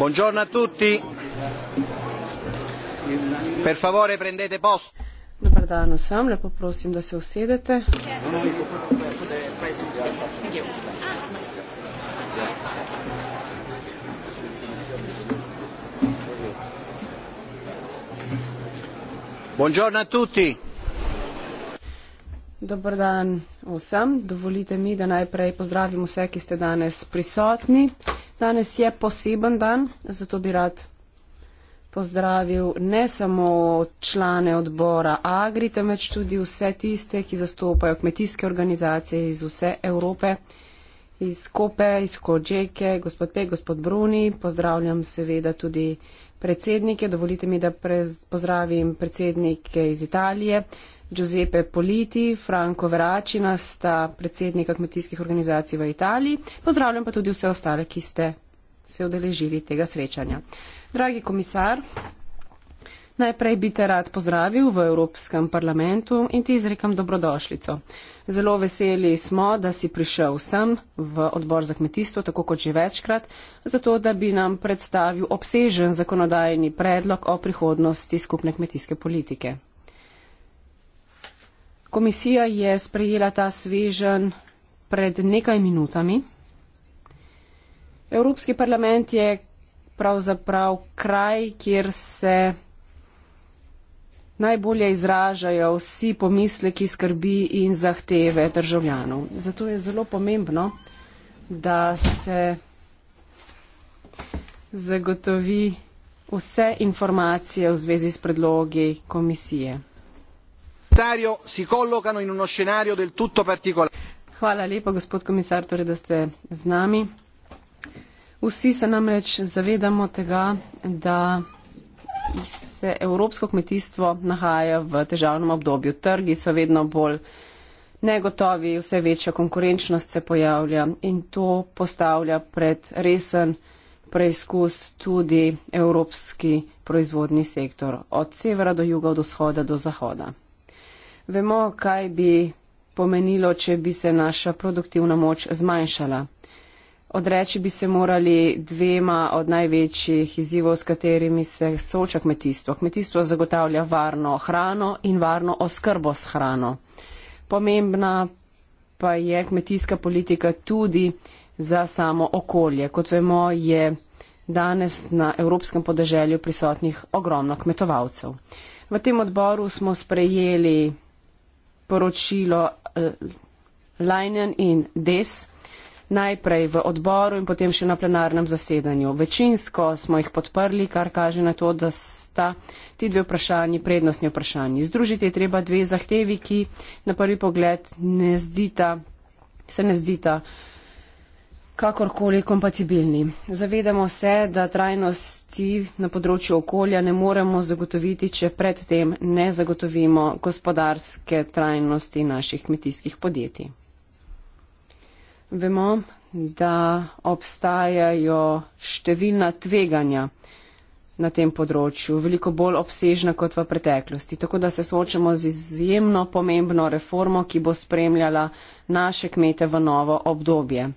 Buongiorno a tutti. Per favore prendete posto. Dobar dan vsem, lepo prosim, da se usedete. Buongiorno a tutti. Dobar dan vsem. Dovolite mi, da najprej pozdravim vse, ki ste danes prisotni. Danes je poseben dan, zato bi rad pozdravil ne samo člane odbora Agri, temveč tudi vse tiste, ki zastopajo kmetijske organizacije iz vse Evrope, iz Kope, iz Kođeke, gospod Pek, gospod Bruni. Pozdravljam seveda tudi predsednike, dovolite mi, da pozdravim predsednike iz Italije, Giuseppe Politi, Franco Veračina sta predsednika kmetijskih organizacij v Italiji. Pozdravljam pa tudi vse ostale, ki ste se odeležili tega srečanja. Dragi komisar, najprej bi te rad pozdravil v Evropskem parlamentu in ti izrekam dobrodošlico. Zelo veseli smo, da si prišel sem v odbor za kmetijstvo, tako kot že večkrat, zato da bi nam predstavil obsežen zakonodajni predlog o prihodnosti skupne kmetijske politike. Komisija je sprejela ta svežen pred nekaj minutami. Evropski parlament je pravzaprav kraj, kjer se najbolje izražajo vsi pomisleki, skrbi in zahteve državljanov. Zato je zelo pomembno, da se zagotovi vse informacije v zvezi s predlogi komisije umanitario si collocano in uno scenario del tutto particolare. Hvala lepa, gospod komisar, torej, da ste z nami. Vsi se namreč zavedamo tega, da se evropsko kmetijstvo nahaja v težavnem obdobju. Trgi so vedno bolj negotovi, vse večja konkurenčnost se pojavlja in to postavlja pred resen preizkus tudi evropski proizvodni sektor od severa do juga, od vzhoda do zahoda. Vemo, kaj bi pomenilo, če bi se naša produktivna moč zmanjšala. Odreči bi se morali dvema od največjih izzivov, s katerimi se sooča kmetijstvo. Kmetijstvo zagotavlja varno hrano in varno oskrbo s hrano. Pomembna pa je kmetijska politika tudi za samo okolje. Kot vemo, je danes na evropskem podeželju prisotnih ogromno kmetovalcev. V tem odboru smo sprejeli poročilo eh, Leinen in Des. Najprej v odboru in potem še na plenarnem zasedanju. Večinsko smo jih podprli, kar kaže na to, da sta ti dve vprašanji prednostni vprašanji. Združiti je treba dve zahtevi, ki na prvi pogled ne zdita, se ne zdita uh, kakorkoli kompatibilni. Zavedamo se, da trajnosti na področju okolja ne moremo zagotoviti, če predtem ne zagotovimo gospodarske trajnosti naših kmetijskih podjetij. Vemo, da obstajajo številna tveganja na tem področju, veliko bolj obsežna kot v preteklosti. Tako da se soočamo z izjemno pomembno reformo, ki bo spremljala naše kmete v novo obdobje.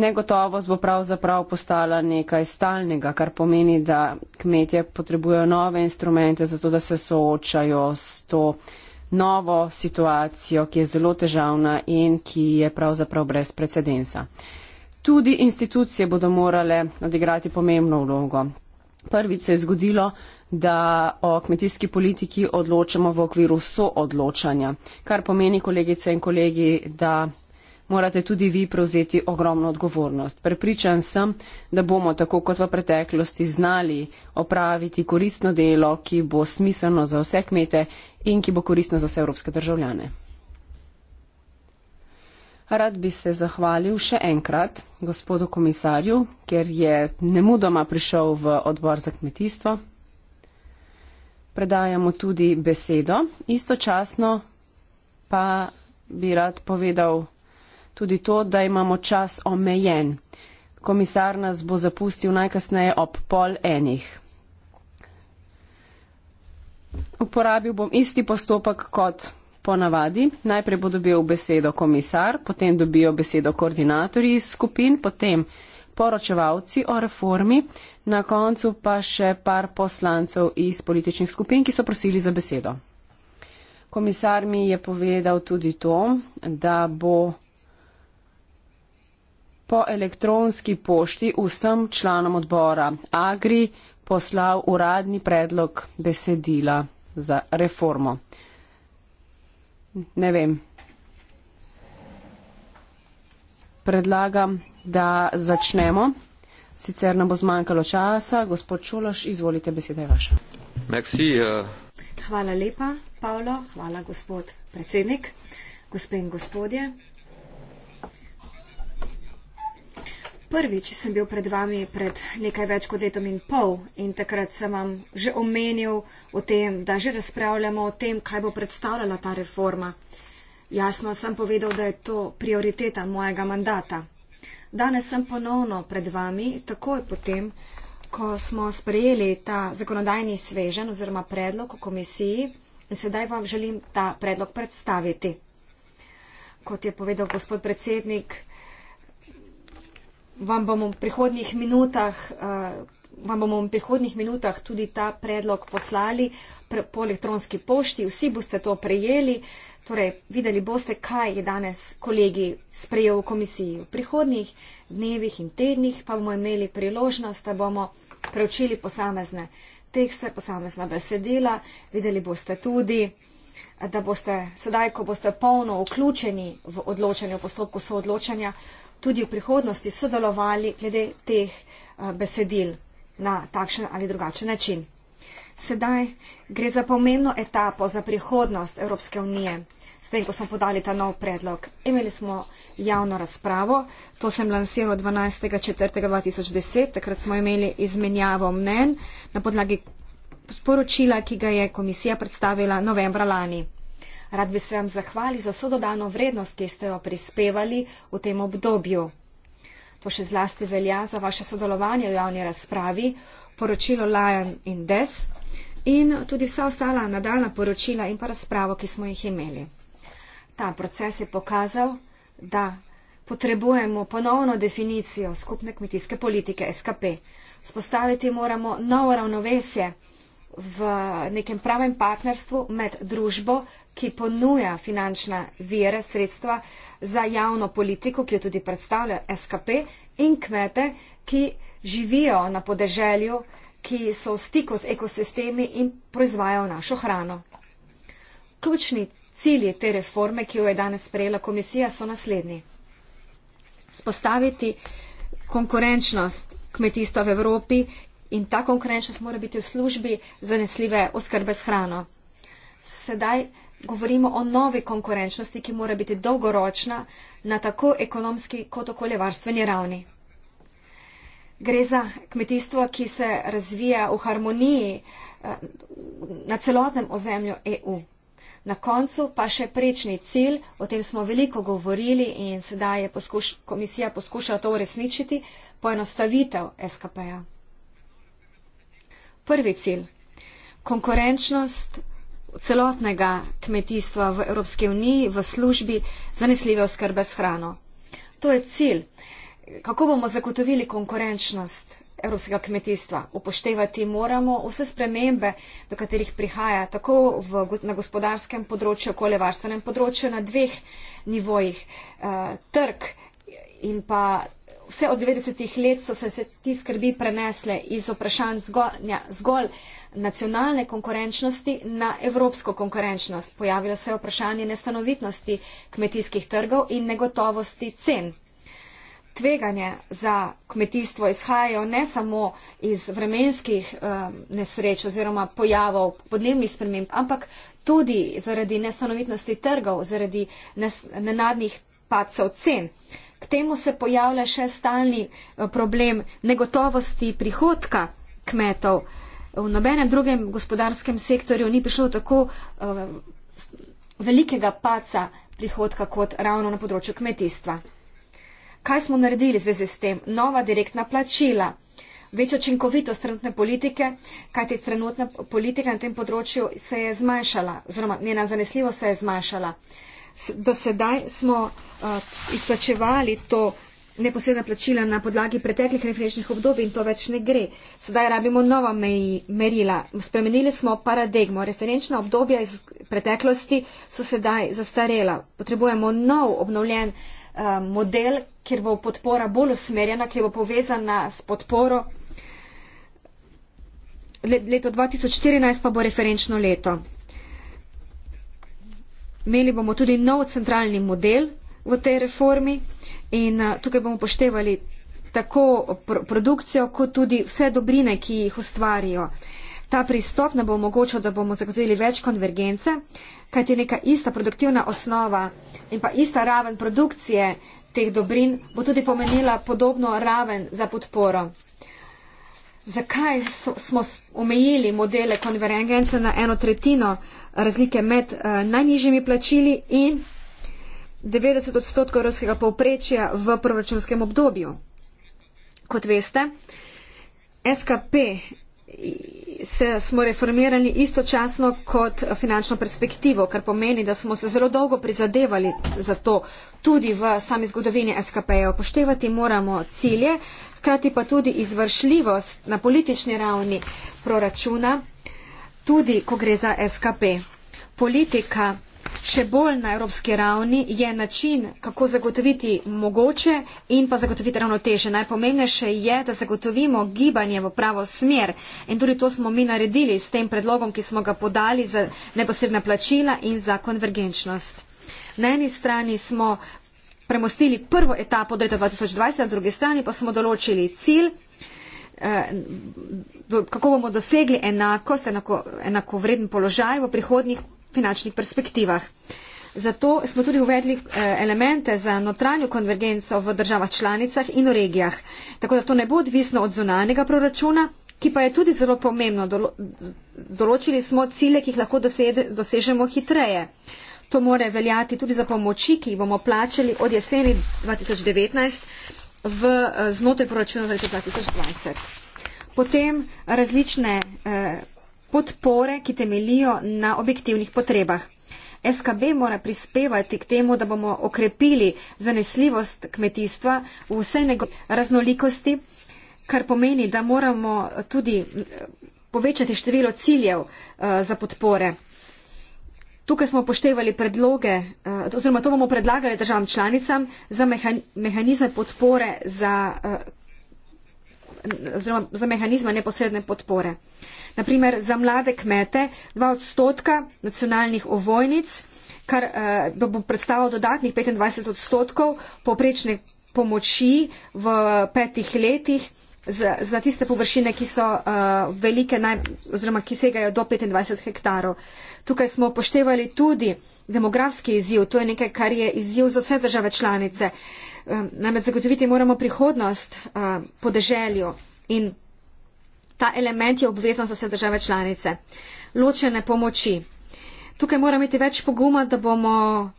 Negotovost bo pravzaprav postala nekaj stalnega, kar pomeni, da kmetje potrebujejo nove instrumente za to, da se soočajo s to novo situacijo, ki je zelo težavna in ki je pravzaprav brez precedensa. Tudi institucije bodo morale odigrati pomembno vlogo. Prvič se je zgodilo, da o kmetijski politiki odločamo v okviru soodločanja, kar pomeni, kolegice in kolegi, da morate tudi vi prevzeti ogromno odgovornost. Prepričan sem, da bomo tako kot v preteklosti znali opraviti koristno delo, ki bo smiselno za vse kmete in ki bo koristno za vse evropske državljane. Rad bi se zahvalil še enkrat gospodu komisarju, ker je nemudoma prišel v odbor za kmetijstvo. Predajamo tudi besedo. Istočasno pa bi rad povedal tudi to, da imamo čas omejen. Komisar nas bo zapustil najkasneje ob pol enih. Uporabil bom isti postopek kot ponavadi. Najprej bo dobil besedo komisar, potem dobijo besedo koordinatorji skupin, potem poročevalci o reformi, na koncu pa še par poslancev iz političnih skupin, ki so prosili za besedo. Komisar mi je povedal tudi to, da bo po elektronski pošti vsem članom odbora Agri poslal uradni predlog besedila za reformo. Ne vem. Predlagam, da začnemo. Sicer nam bo zmanjkalo časa. Gospod Čuloš, izvolite, beseda je vaša. Merci, uh... Hvala lepa, Pavlo. Hvala, gospod predsednik. Gospe in gospodje, prvič sem bil pred vami pred nekaj več kot letom in pol in takrat sem vam že omenil o tem, da že razpravljamo o tem, kaj bo predstavljala ta reforma. Jasno sem povedal, da je to prioriteta mojega mandata. Danes sem ponovno pred vami, takoj potem, ko smo sprejeli ta zakonodajni svežen oziroma predlog v komisiji in sedaj vam želim ta predlog predstaviti. Kot je povedal gospod predsednik, vam bomo v prihodnjih minutah. Uh, Vam bomo v prihodnjih minutah tudi ta predlog poslali pre, po elektronski pošti. Vsi boste to prejeli, torej videli boste, kaj je danes kolegi sprejel v komisiji. V prihodnjih dnevih in tednih pa bomo imeli priložnost, da bomo preučili posamezne tekste, posamezna besedila. Videli boste tudi, da boste sedaj, ko boste polno vključeni v odločanje, v postopku soodločanja, tudi v prihodnosti sodelovali glede teh eh, besedil na takšen ali drugačen način. Sedaj gre za pomembno etapo za prihodnost Evropske unije, s tem, ko smo podali ta nov predlog. Imeli smo javno razpravo, to sem lansiral 12.4.2010, takrat smo imeli izmenjavo mnen na podlagi sporočila, ki ga je komisija predstavila novembra lani. Rad bi se vam zahvalil za vso dodano vrednost, ki ste jo prispevali v tem obdobju. To še zlasti velja za vaše sodelovanje v javni razpravi, poročilo Lion in Des in tudi vsa ostala nadaljna poročila in pa razpravo, ki smo jih imeli. Ta proces je pokazal, da potrebujemo ponovno definicijo skupne kmetijske politike SKP. Spostaviti moramo novo ravnovesje v nekem pravem partnerstvu med družbo, ki ponuja finančna vire, sredstva za javno politiko, ki jo tudi predstavlja SKP, in kmete, ki živijo na podeželju, ki so v stiku z ekosistemi in proizvajajo našo hrano. Ključni cilji te reforme, ki jo je danes sprejela komisija, so naslednji. Spostaviti konkurenčnost kmetijstva v Evropi in ta konkurenčnost mora biti v službi zanesljive oskrbe s hrano. Sedaj govorimo o novi konkurenčnosti, ki mora biti dolgoročna na tako ekonomski kot okoljevarstveni ravni. Gre za kmetijstvo, ki se razvija v harmoniji eh, na celotnem ozemlju EU. Na koncu pa še prečni cilj, o tem smo veliko govorili in sedaj je poskuš, komisija poskušala to uresničiti, poenostavitev SKP-ja. Prvi cilj. Konkurenčnost celotnega kmetijstva v Evropski uniji v službi zanesljive oskrbe s hrano. To je cilj. Kako bomo zagotovili konkurenčnost evropskega kmetijstva? Upoštevati moramo vse spremembe, do katerih prihaja tako v, na gospodarskem področju, okoljevarstvenem področju, na dveh nivojih. Uh, trg in pa vse od 90-ih let so se ti skrbi prenesle iz vprašanj zgolj, ja, zgolj nacionalne konkurenčnosti na evropsko konkurenčnost. Pojavilo se je vprašanje nestanovitnosti kmetijskih trgov in negotovosti cen. Tveganje za kmetijstvo izhajajo ne samo iz vremenskih um, nesreč oziroma pojavov podnebnih sprememb, ampak tudi zaradi nestanovitnosti trgov, zaradi nenadnih pacev cen. K temu se pojavlja še stalni uh, problem negotovosti prihodka kmetov v nobenem drugem gospodarskem sektorju ni prišlo tako uh, velikega paca prihodka kot ravno na področju kmetijstva. Kaj smo naredili v zvezi s tem? Nova direktna plačila, večjo učinkovitost trenutne politike, kajti trenutna politika na tem področju se je zmanjšala, oziroma njena zanesljivost se je zmanjšala. Do sedaj smo uh, izplačevali to neposredna plačila na podlagi preteklih referenčnih obdobij in to več ne gre. Sedaj rabimo nova meji, merila. Spremenili smo paradigmo. Referenčna obdobja iz preteklosti so sedaj zastarela. Potrebujemo nov obnovljen eh, model, kjer bo podpora bolj usmerjena, ki bo povezana s podporo. Leto 2014 pa bo referenčno leto. Imeli bomo tudi nov centralni model v tej reformi. Uh, In eh, tukaj bomo poštevali tako produkcijo, kot tudi vse dobrine, ki jih ustvarijo. Ta pristop nam bo omogočil, da bomo zagotovili več konvergence, kajti neka ista produktivna osnova in pa ista raven produkcije teh dobrin bo tudi pomenila podobno raven za podporo. Zakaj so, smo omejili modele konvergence na eno tretjino razlike med uh, najnižjimi plačili in 90 odstotkov evropskega povprečja v proračunskem obdobju. Kot veste, SKP se smo reformirali istočasno kot finančno perspektivo, kar pomeni, da smo se zelo dolgo prizadevali za to tudi v sami zgodovini SKP-ja. Upoštevati moramo cilje, hkrati pa tudi izvršljivost na politični ravni proračuna, tudi ko gre za SKP. Politika Še bolj na evropski ravni je način, kako zagotoviti mogoče in pa zagotoviti ravnoteže. Najpomembnejše je, da zagotovimo gibanje v pravo smer. In tudi to smo mi naredili s tem predlogom, ki smo ga podali za neposredna plačila in za konvergenčnost. Na eni strani smo premostili prvo etapo do leta 2020, na drugi strani pa smo določili cilj, eh, kako bomo dosegli enakost, enako, enako vreden položaj v prihodnjih finančnih perspektivah. Zato smo tudi uvedli eh, elemente za notranjo konvergenco v državah članicah in v regijah, tako da to ne bo odvisno od zunanega proračuna, ki pa je tudi zelo pomembno. Določili smo cilje, ki jih lahko dosežemo hitreje. To more veljati tudi za pomoči, ki jih bomo plačali od jeseni 2019 v eh, znotraj proračuna za leto 2020. Potem različne eh, podpore, ki temelijo na objektivnih potrebah. SKB mora prispevati k temu, da bomo okrepili zanesljivost kmetijstva v vsej njegovi raznolikosti, kar pomeni, da moramo tudi eh, povečati število ciljev uh, za podpore. Tukaj smo upoštevali predloge, uh, oziroma to bomo predlagali državam članicam za mehanizme podpore za uh, oziroma za mehanizma neposredne podpore. Naprimer, za mlade kmete 2 odstotka nacionalnih ovojnic, kar eh, bo predstavilo dodatnih 25 odstotkov poprečne pomoči v petih letih za, za tiste površine, ki so eh, velike naj, oziroma ki segajo do 25 hektarov. Tukaj smo upoštevali tudi demografski izziv, to je nekaj, kar je izziv za vse države članice namreč zagotoviti moramo prihodnost podeželju in ta element je obvezan za vse države članice. Ločene pomoči. Tukaj mora imeti več poguma, da bomo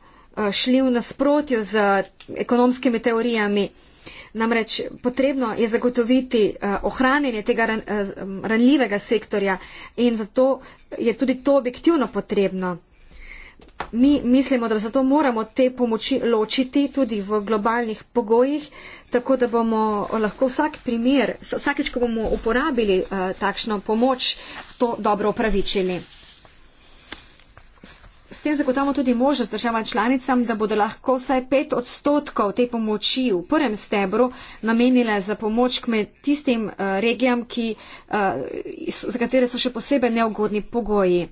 šli v nasprotju z ekonomskimi teorijami. Namreč potrebno je zagotoviti ohranjenje tega ranljivega sektorja in zato je tudi to objektivno potrebno mi mislimo, da zato moramo te pomoči ločiti tudi v globalnih pogojih, tako da bomo lahko vsak primer, vsakeč, ko bomo uporabili uh, takšno pomoč, to dobro upravičili. S tem zagotovimo tudi možnost državam članicam, da bodo lahko vsaj pet odstotkov te pomoči v prvem stebru namenile za pomoč kmet tistim eh, regijam, ki, eh, za katere so še posebej neugodni pogoji.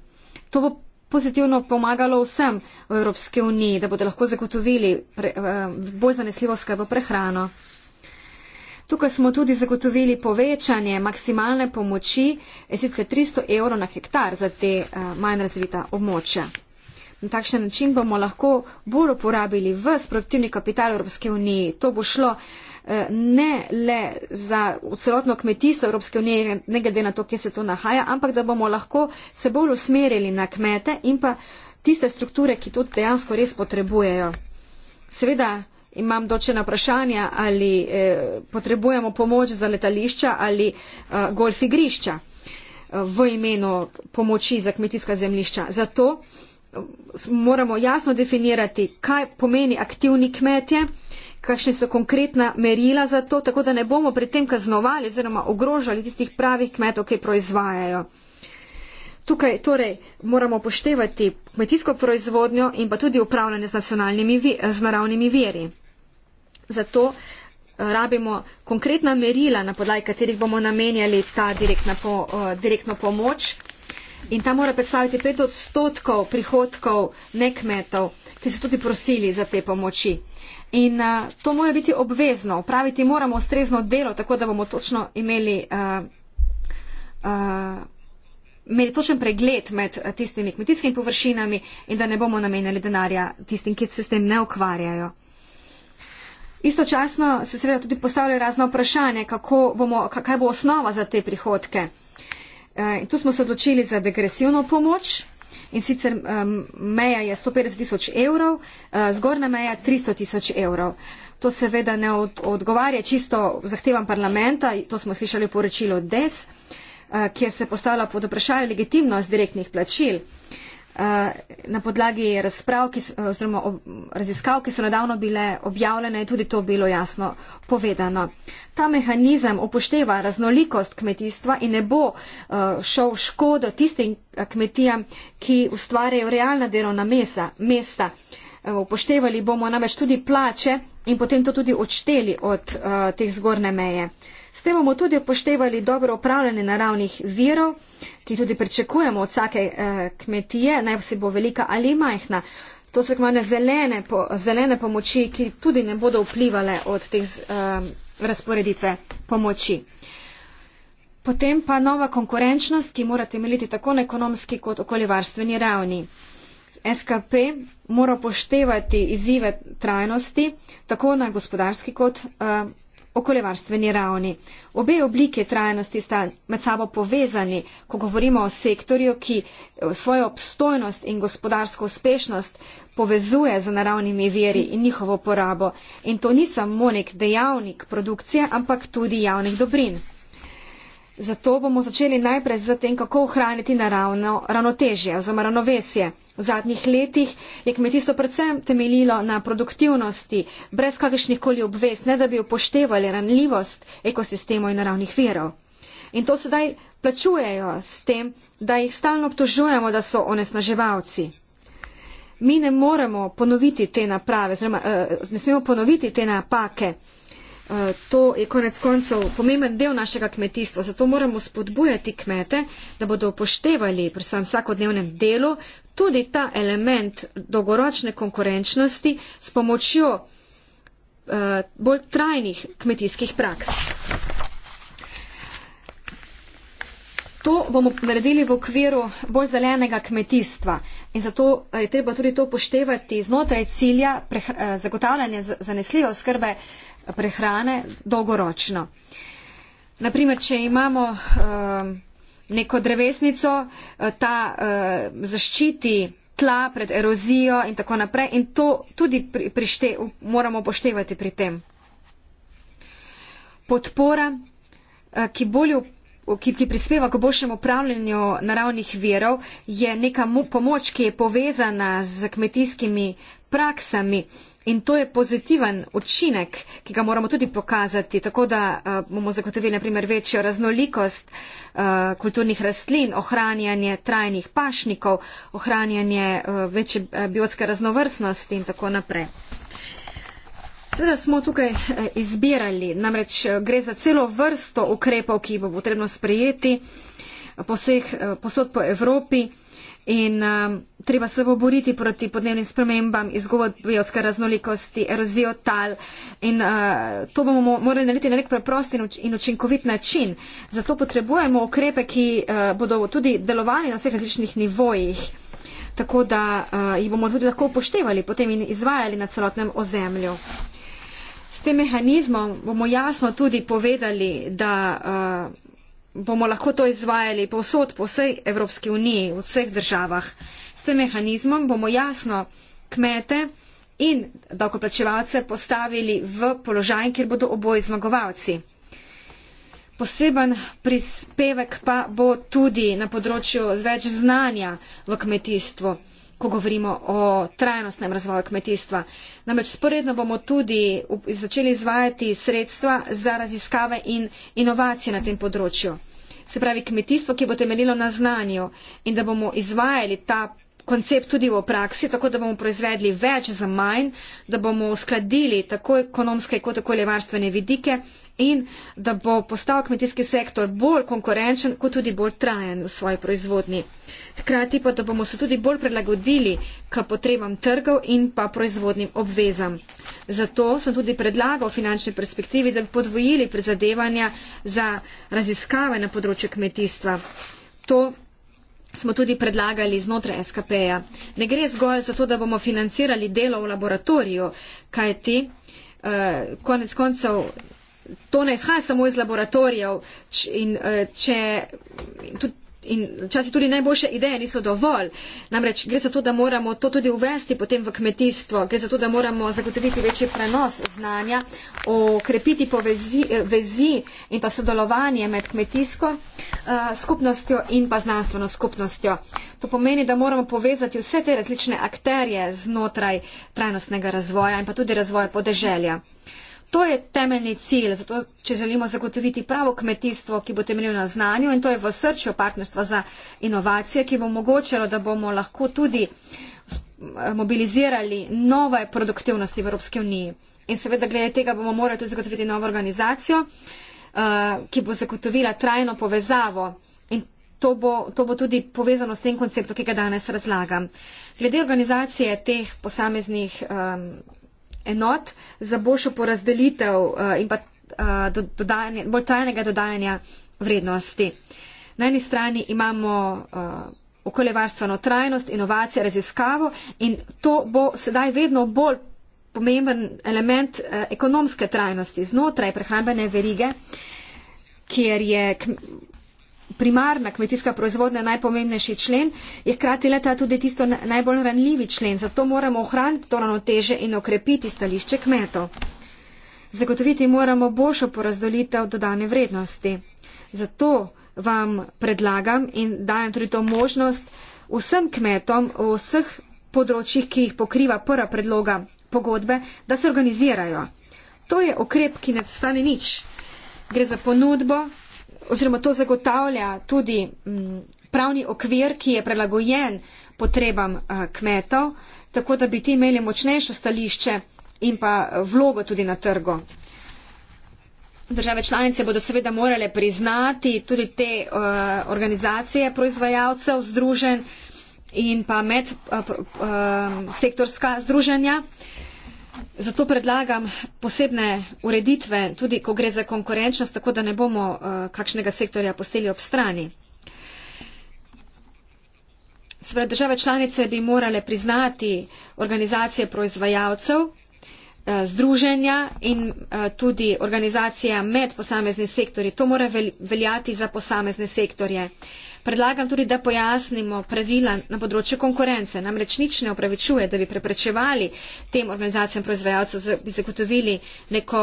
To bo pozitivno pomagalo vsem v Evropske unije, da bodo lahko zagotovili pre, eh, bolj zanesljivo skrbo prehrano. Tukaj smo tudi zagotovili povečanje maksimalne pomoči, eh, sicer 300 evrov na hektar za te eh, manj razvita območja na takšen način bomo lahko bolj uporabili v sproduktivni kapital Evropske unije. To bo šlo eh, ne le za celotno kmetijstvo Evropske unije, ne glede na to, kje se to nahaja, ampak da bomo lahko se bolj usmerili na kmete in pa tiste strukture, ki to dejansko res potrebujejo. Seveda imam dočena vprašanja, ali eh, potrebujemo pomoč za letališča ali eh, golf igrišča eh, v imenu pomoči za kmetijska zemljišča. Zato moramo jasno definirati, kaj pomeni aktivni kmetje, kakšne so konkretna merila za to, tako da ne bomo pri tem kaznovali oziroma ogrožali tistih pravih kmetov, ki proizvajajo. Tukaj torej moramo poštevati kmetijsko proizvodnjo in pa tudi upravljanje z, z naravnimi veri. Zato eh, rabimo konkretna merila, na podlagi katerih bomo namenjali ta direktna po, eh, direktno pomoč in ta mora predstaviti pet odstotkov prihodkov nekmetov, ki so tudi prosili za te pomoči. In uh, to mora biti obvezno, opraviti moramo ustrezno delo, tako da bomo točno imeli, uh, uh, imeli točen pregled med tistimi kmetijskimi površinami in da ne bomo namenjali denarja tistim, ki se s tem ne ukvarjajo. Istočasno se seveda tudi postavljajo razne vprašanje, kako bomo, kaj bo osnova za te prihodke. Eh, tu smo se odločili za degresivno pomoč in sicer meja je 150 tisoč evrov, eh, zgorna meja 300 tisoč evrov. To seveda ne odgovarja čisto zahtevam parlamenta, to smo slišali v poročilu DES, eh, kjer se postavlja pod vprašanje legitimnost direktnih plačil. Eh, na podlagi razprav, ki, oziroma ob, raziskav, ki so nedavno bile objavljene, je tudi to bilo jasno povedano. Ta mehanizem upošteva raznolikost kmetijstva in ne bo uh, šel škodo tistim eh, kmetijam, ki ustvarjajo realna delovna mesa, mesta. Upoštevali bomo namreč tudi plače in potem to tudi odšteli od uh, teh zgorne meje. Uh, S tem bomo tudi upoštevali dobro upravljanje naravnih virov, ki tudi pričakujemo od vsake eh, kmetije, naj vsi bo velika ali majhna. To so kmane zelene, zelene pomoči, ki tudi ne bodo vplivale od teh eh, razporeditve pomoči. Potem pa nova konkurenčnost, ki mora temeljiti tako na ekonomski kot okoljevarstveni ravni. SKP mora poštevati izzive trajnosti tako na gospodarski kot uh, okoljevarstveni ravni. Obe oblike trajnosti sta med sabo povezani, ko govorimo o sektorju, ki eh, svojo obstojnost in gospodarsko uspešnost povezuje z naravnimi veri in njihovo porabo. In to ni samo nek dejavnik produkcije, ampak tudi javnih dobrin. Zato bomo začeli najprej z tem, kako ohraniti naravno ravnotežje oziroma ravnovesje. V zadnjih letih je kmetijstvo predvsem temeljilo na produktivnosti, brez kakršnih koli obvez, ne da bi upoštevali ranljivost ekosistemov in naravnih virov. In to sedaj plačujejo s tem, da jih stalno obtožujemo, da so onesnaževalci. Mi ne moremo ponoviti te naprave, oziroma eh, ne smemo ponoviti te napake. Eh, to je konec koncev pomemben del našega kmetijstva, zato moramo spodbujati kmete, da bodo upoštevali pri svojem vsakodnevnem delu tudi ta element dolgoročne konkurenčnosti s pomočjo uh, bolj trajnih kmetijskih praks. To bomo naredili v okviru bolj zelenega kmetijstva in zato eh, je treba tudi to upoštevati znotraj cilja zagotavljanja zanesljive skrbe uh, prehrane dolgoročno. Naprimer, če imamo eh, neko drevesnico, eh, ta eh, zaščiti tla pred erozijo in tako naprej in to tudi prište, moramo poštevati pri tem. Podpora, ki, bolj, ki, ki prispeva k boljšemu upravljanju naravnih verov, je neka mu, pomoč, ki je povezana z kmetijskimi praksami in to je pozitiven učinek, ki ga moramo tudi pokazati, tako da uh, bomo zagotovili naprimer večjo raznolikost uh, kulturnih rastlin, ohranjanje trajnih pašnikov, ohranjanje uh, večje biotske raznovrstnosti in tako naprej. Seveda smo tukaj izbirali, namreč gre za celo vrsto ukrepov, ki jih bo potrebno sprejeti po vseh posod po Evropi in um, treba se bo boriti proti podnebnim spremembam, izgubot biotske raznolikosti, erozijo tal in uh, to bomo morali narediti na nek preprost in učinkovit način. Zato potrebujemo ukrepe, ki uh, bodo tudi delovali na vseh različnih nivojih, tako da uh, jih bomo tudi lahko upoštevali potem in izvajali na celotnem ozemlju. S tem mehanizmom bomo jasno tudi povedali, da. Uh, bomo lahko to izvajali povsod po vsej Evropski uniji, v vseh državah. S tem mehanizmom bomo jasno kmete in davkoplačevalce postavili v položaj, kjer bodo oboji zmagovalci. Poseben prispevek pa bo tudi na področju več znanja v kmetijstvu ko govorimo o trajnostnem razvoju kmetijstva. Namreč sporedno bomo tudi začeli izvajati sredstva za raziskave in inovacije na tem področju. Se pravi kmetijstvo, ki bo temeljilo na znanju in da bomo izvajali ta koncept tudi v praksi, tako da bomo proizvedli več za manj, da bomo uskladili tako ekonomske kot okoljevarstvene vidike in da bo postal kmetijski sektor bolj konkurenčen kot tudi bolj trajen v svoji proizvodni. Hkrati pa, da bomo se tudi bolj prilagodili k potrebam trgov in pa proizvodnim obvezam. Zato sem tudi predlagal v finančni perspektivi, da bi podvojili prizadevanja za raziskave na področju kmetijstva. To smo tudi predlagali znotraj SKP-ja. Ne gre zgolj za to, da bomo financirali delo v laboratoriju, kaj ti, eh, konec koncev, to ne izhaja samo iz laboratorijev in eh, če. Tudi, in včasih tudi najboljše ideje niso dovolj. Namreč gre za to, da moramo to tudi uvesti potem v kmetijstvo, gre za to, da moramo zagotoviti večji prenos znanja, okrepiti povezi eh, vezi in pa sodelovanje med kmetijsko uh, skupnostjo in pa znanstveno skupnostjo. To pomeni, da moramo povezati vse te različne akterje znotraj trajnostnega razvoja in pa tudi razvoja podeželja. Uh, To je temeljni cilj, zato če želimo zagotoviti pravo kmetijstvo, ki bo temeljeno na znanju in to je v srčju partnerstva za inovacije, ki bo omogočilo, da bomo lahko tudi eh, mobilizirali nove produktivnosti v Evropski uniji. In seveda glede tega bomo morali tudi zagotoviti novo organizacijo, eh, ki bo zagotovila trajno povezavo. To bo, to bo tudi povezano s tem konceptom, ki ga danes razlagam. Glede organizacije teh posameznih um, enot za boljšo porazdelitev eh, in pa eh, dodajanje, bolj trajnega dodajanja vrednosti. Na eni strani imamo eh, okoljevarstveno trajnost, inovacije, raziskavo in to bo sedaj vedno bolj pomemben element ekonomske trajnosti znotraj prehrambene verige, kjer je primarna kmetijska proizvodnja najpomembnejši člen, je hkrati leta tudi tisto najbolj ranljivi člen. Zato moramo ohraniti to ravnoteže in okrepiti stališče kmetov. Zagotoviti moramo boljšo porazdolitev dodane vrednosti. Zato vam predlagam in dajem tudi to možnost vsem kmetom v vseh področjih, ki jih pokriva prva predloga pogodbe, da se organizirajo. To je okrep, ki ne stane nič. Gre za ponudbo, oziroma to zagotavlja tudi mm, pravni okvir, ki je prelagojen potrebam eh, kmetov, tako da bi ti imeli močnejše stališče in pa vlogo tudi na trgu. Države članice bodo seveda morale priznati tudi te eh, organizacije proizvajalcev združen in pa med eh, sektorska združenja. Zato predlagam posebne ureditve, tudi ko gre za konkurenčnost, tako da ne bomo uh, kakšnega sektorja posteli ob strani. Sveda države članice bi morale priznati organizacije proizvajalcev, eh, združenja in eh, tudi organizacija med posamezni sektori. To mora veljati za posamezne sektorje. Predlagam tudi, da pojasnimo pravila na področju konkurence. Namreč nič ne opravičuje, da bi preprečevali tem organizacijam proizvajalcev, da bi zagotovili neko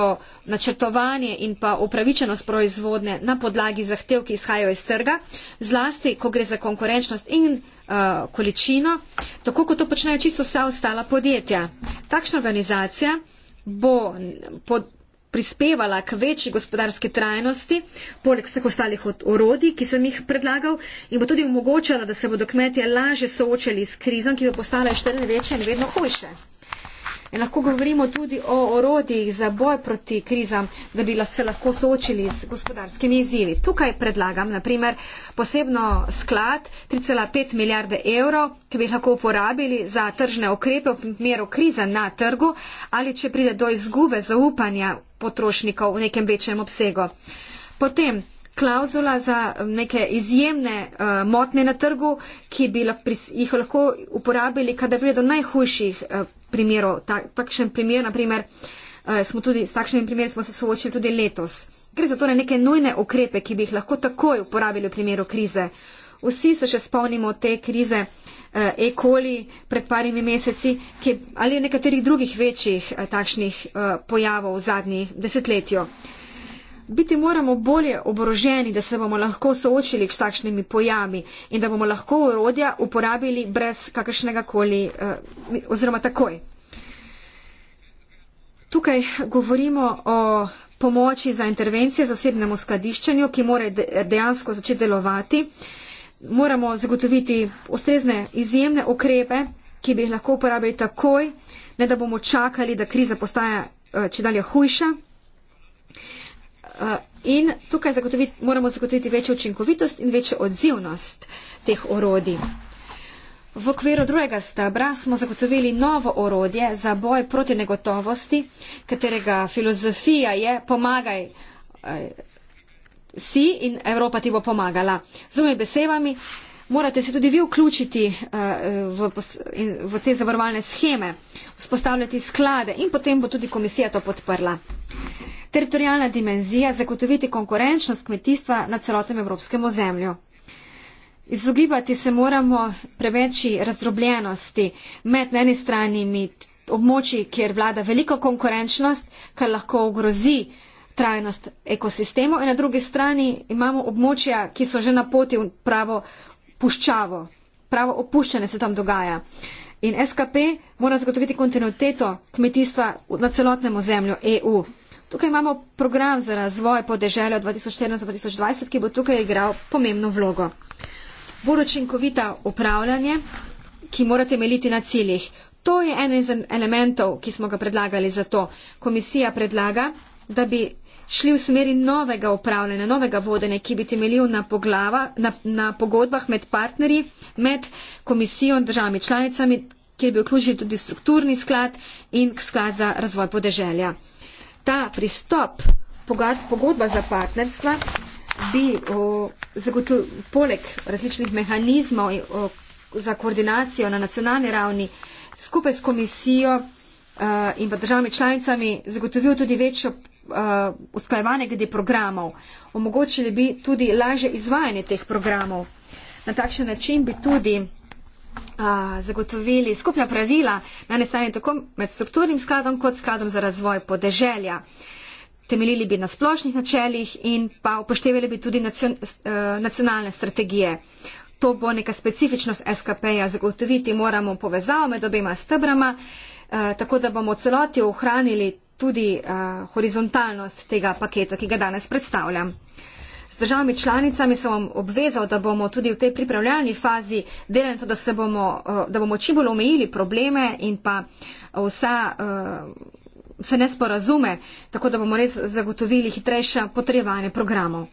načrtovanje in pa upravičenost proizvodne na podlagi zahtev, ki izhajajo iz trga, zlasti, ko gre za konkurenčnost in eh, količino, tako kot to počnejo čisto vsa ostala podjetja. Takšna organizacija bo prispevala k večji gospodarski trajnosti, poleg vseh ostalih orodij, ki sem jih predlagal, in bo tudi omogočala, da se bodo kmetje lažje soočali s krizom, ki bo postala še vedno večja in vedno hujše. In lahko govorimo tudi o orodjih za boj proti krizam, da bi se lahko soočili z gospodarskimi izzivi. Tukaj predlagam naprimer posebno sklad 3,5 milijarde evrov, ki bi lahko uporabili za tržne okrepe v primeru krize na trgu ali če pride do izgube zaupanja potrošnikov v nekem večjem obsegu. Potem klauzula za neke izjemne uh, eh, motne na trgu, ki bi lahko, jih lahko uporabili, kadar pride do najhujših uh, primeru, tak, takšen primer, naprimer, eh, smo tudi s takšnim primerom smo se soočili tudi letos. Gre za torej neke nujne ukrepe, ki bi jih lahko takoj uporabili v primeru krize. Vsi se še spomnimo te krize eh, E. coli pred parimi meseci ki, ali nekaterih drugih večjih eh, takšnih pojavov v zadnjih desetletju biti moramo bolje oboroženi, da se bomo lahko soočili s takšnimi pojami in da bomo lahko urodja uporabili brez kakršnega koli eh, oziroma takoj. Tukaj govorimo o pomoči za intervencije zasebnemu skladiščenju, ki more dejansko začeti delovati. Moramo zagotoviti ustrezne izjemne ukrepe, ki bi jih lahko uporabili takoj, ne da bomo čakali, da kriza postaja eh, če dalje hujša. Eh, in tukaj zagotoviti, moramo zagotoviti večjo učinkovitost in večjo odzivnost teh orodij. V okviru drugega stebra smo zagotovili novo orodje za boj proti negotovosti, katerega filozofija je pomagaj eh, si in Evropa ti bo pomagala. Z drugimi besedami, morate se tudi vi vključiti eh, v, v te zavarovalne scheme, vzpostavljati sklade in potem bo tudi komisija to podprla. Teritorijalna dimenzija zagotoviti konkurenčnost kmetijstva na celotnem evropskem ozemlju. Izogibati se moramo preveči razdrobljenosti med na eni strani območji, kjer vlada veliko konkurenčnost, kar lahko ogrozi trajnost ekosistemov in na drugi strani imamo območja, ki so že na poti v pravo puščavo, pravo opuščanje se tam dogaja. In SKP mora zagotoviti kontinuiteto kmetijstva na celotnem ozemlju EU. Tukaj imamo program za razvoj podeželja 2014-2020, ki bo tukaj igral pomembno vlogo. Bolj učinkovita upravljanje, ki mora temeliti na ciljih. To je en iz elementov, ki smo ga predlagali za to. Komisija predlaga, da bi šli v smeri novega upravljanja, novega vodenja, ki bi temeljil na, poglava, na, na pogodbah med partnerji, med komisijo in državami članicami, kjer bi vključili tudi strukturni sklad in sklad za razvoj podeželja. Ta pristop, pogodba za partnerstva, bi o, zagotil, poleg različnih mehanizmov o, za koordinacijo na nacionalni ravni skupaj s komisijo, eh, in pa državami članicami zagotovil tudi večjo uh, usklajevanje glede programov. Omogočili bi tudi laže izvajanje teh programov. Na takšen način bi tudi uh, zagotovili skupna pravila na nestanje tako med strukturnim skladom kot skladom za razvoj podeželja. Temeljili bi na splošnih načeljih in pa upoštevali bi tudi nacion, uh, nacionalne strategije. To bo neka specifičnost SKP-ja. Zagotoviti moramo povezavo med obema stebrama, uh, tako da bomo celoti ohranili tudi uh, horizontalnost tega paketa, ki ga danes predstavljam. Z državami članicami sem vam obvezal, da bomo tudi v tej pripravljalni fazi delali to, da, bomo, eh, da bomo čim bolj omejili probleme in pa eh, vsa, vse nesporazume, tako da bomo res zagotovili hitrejše potrebovanje programov.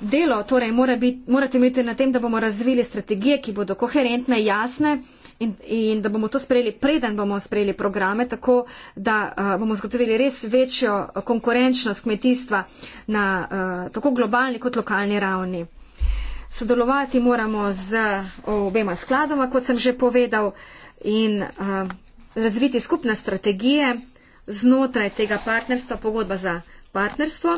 Delo torej mora bit, morate imeti na tem, da bomo razvili strategije, ki bodo koherentne, jasne in, in da bomo to sprejeli, preden bomo sprejeli programe, tako da uh, bomo zgotovili res večjo konkurenčnost kmetijstva na uh, tako globalni kot lokalni ravni. Sodelovati moramo z obema skladoma, kot sem že povedal, in uh, razviti skupne strategije znotraj tega partnerstva, pogodba za partnerstvo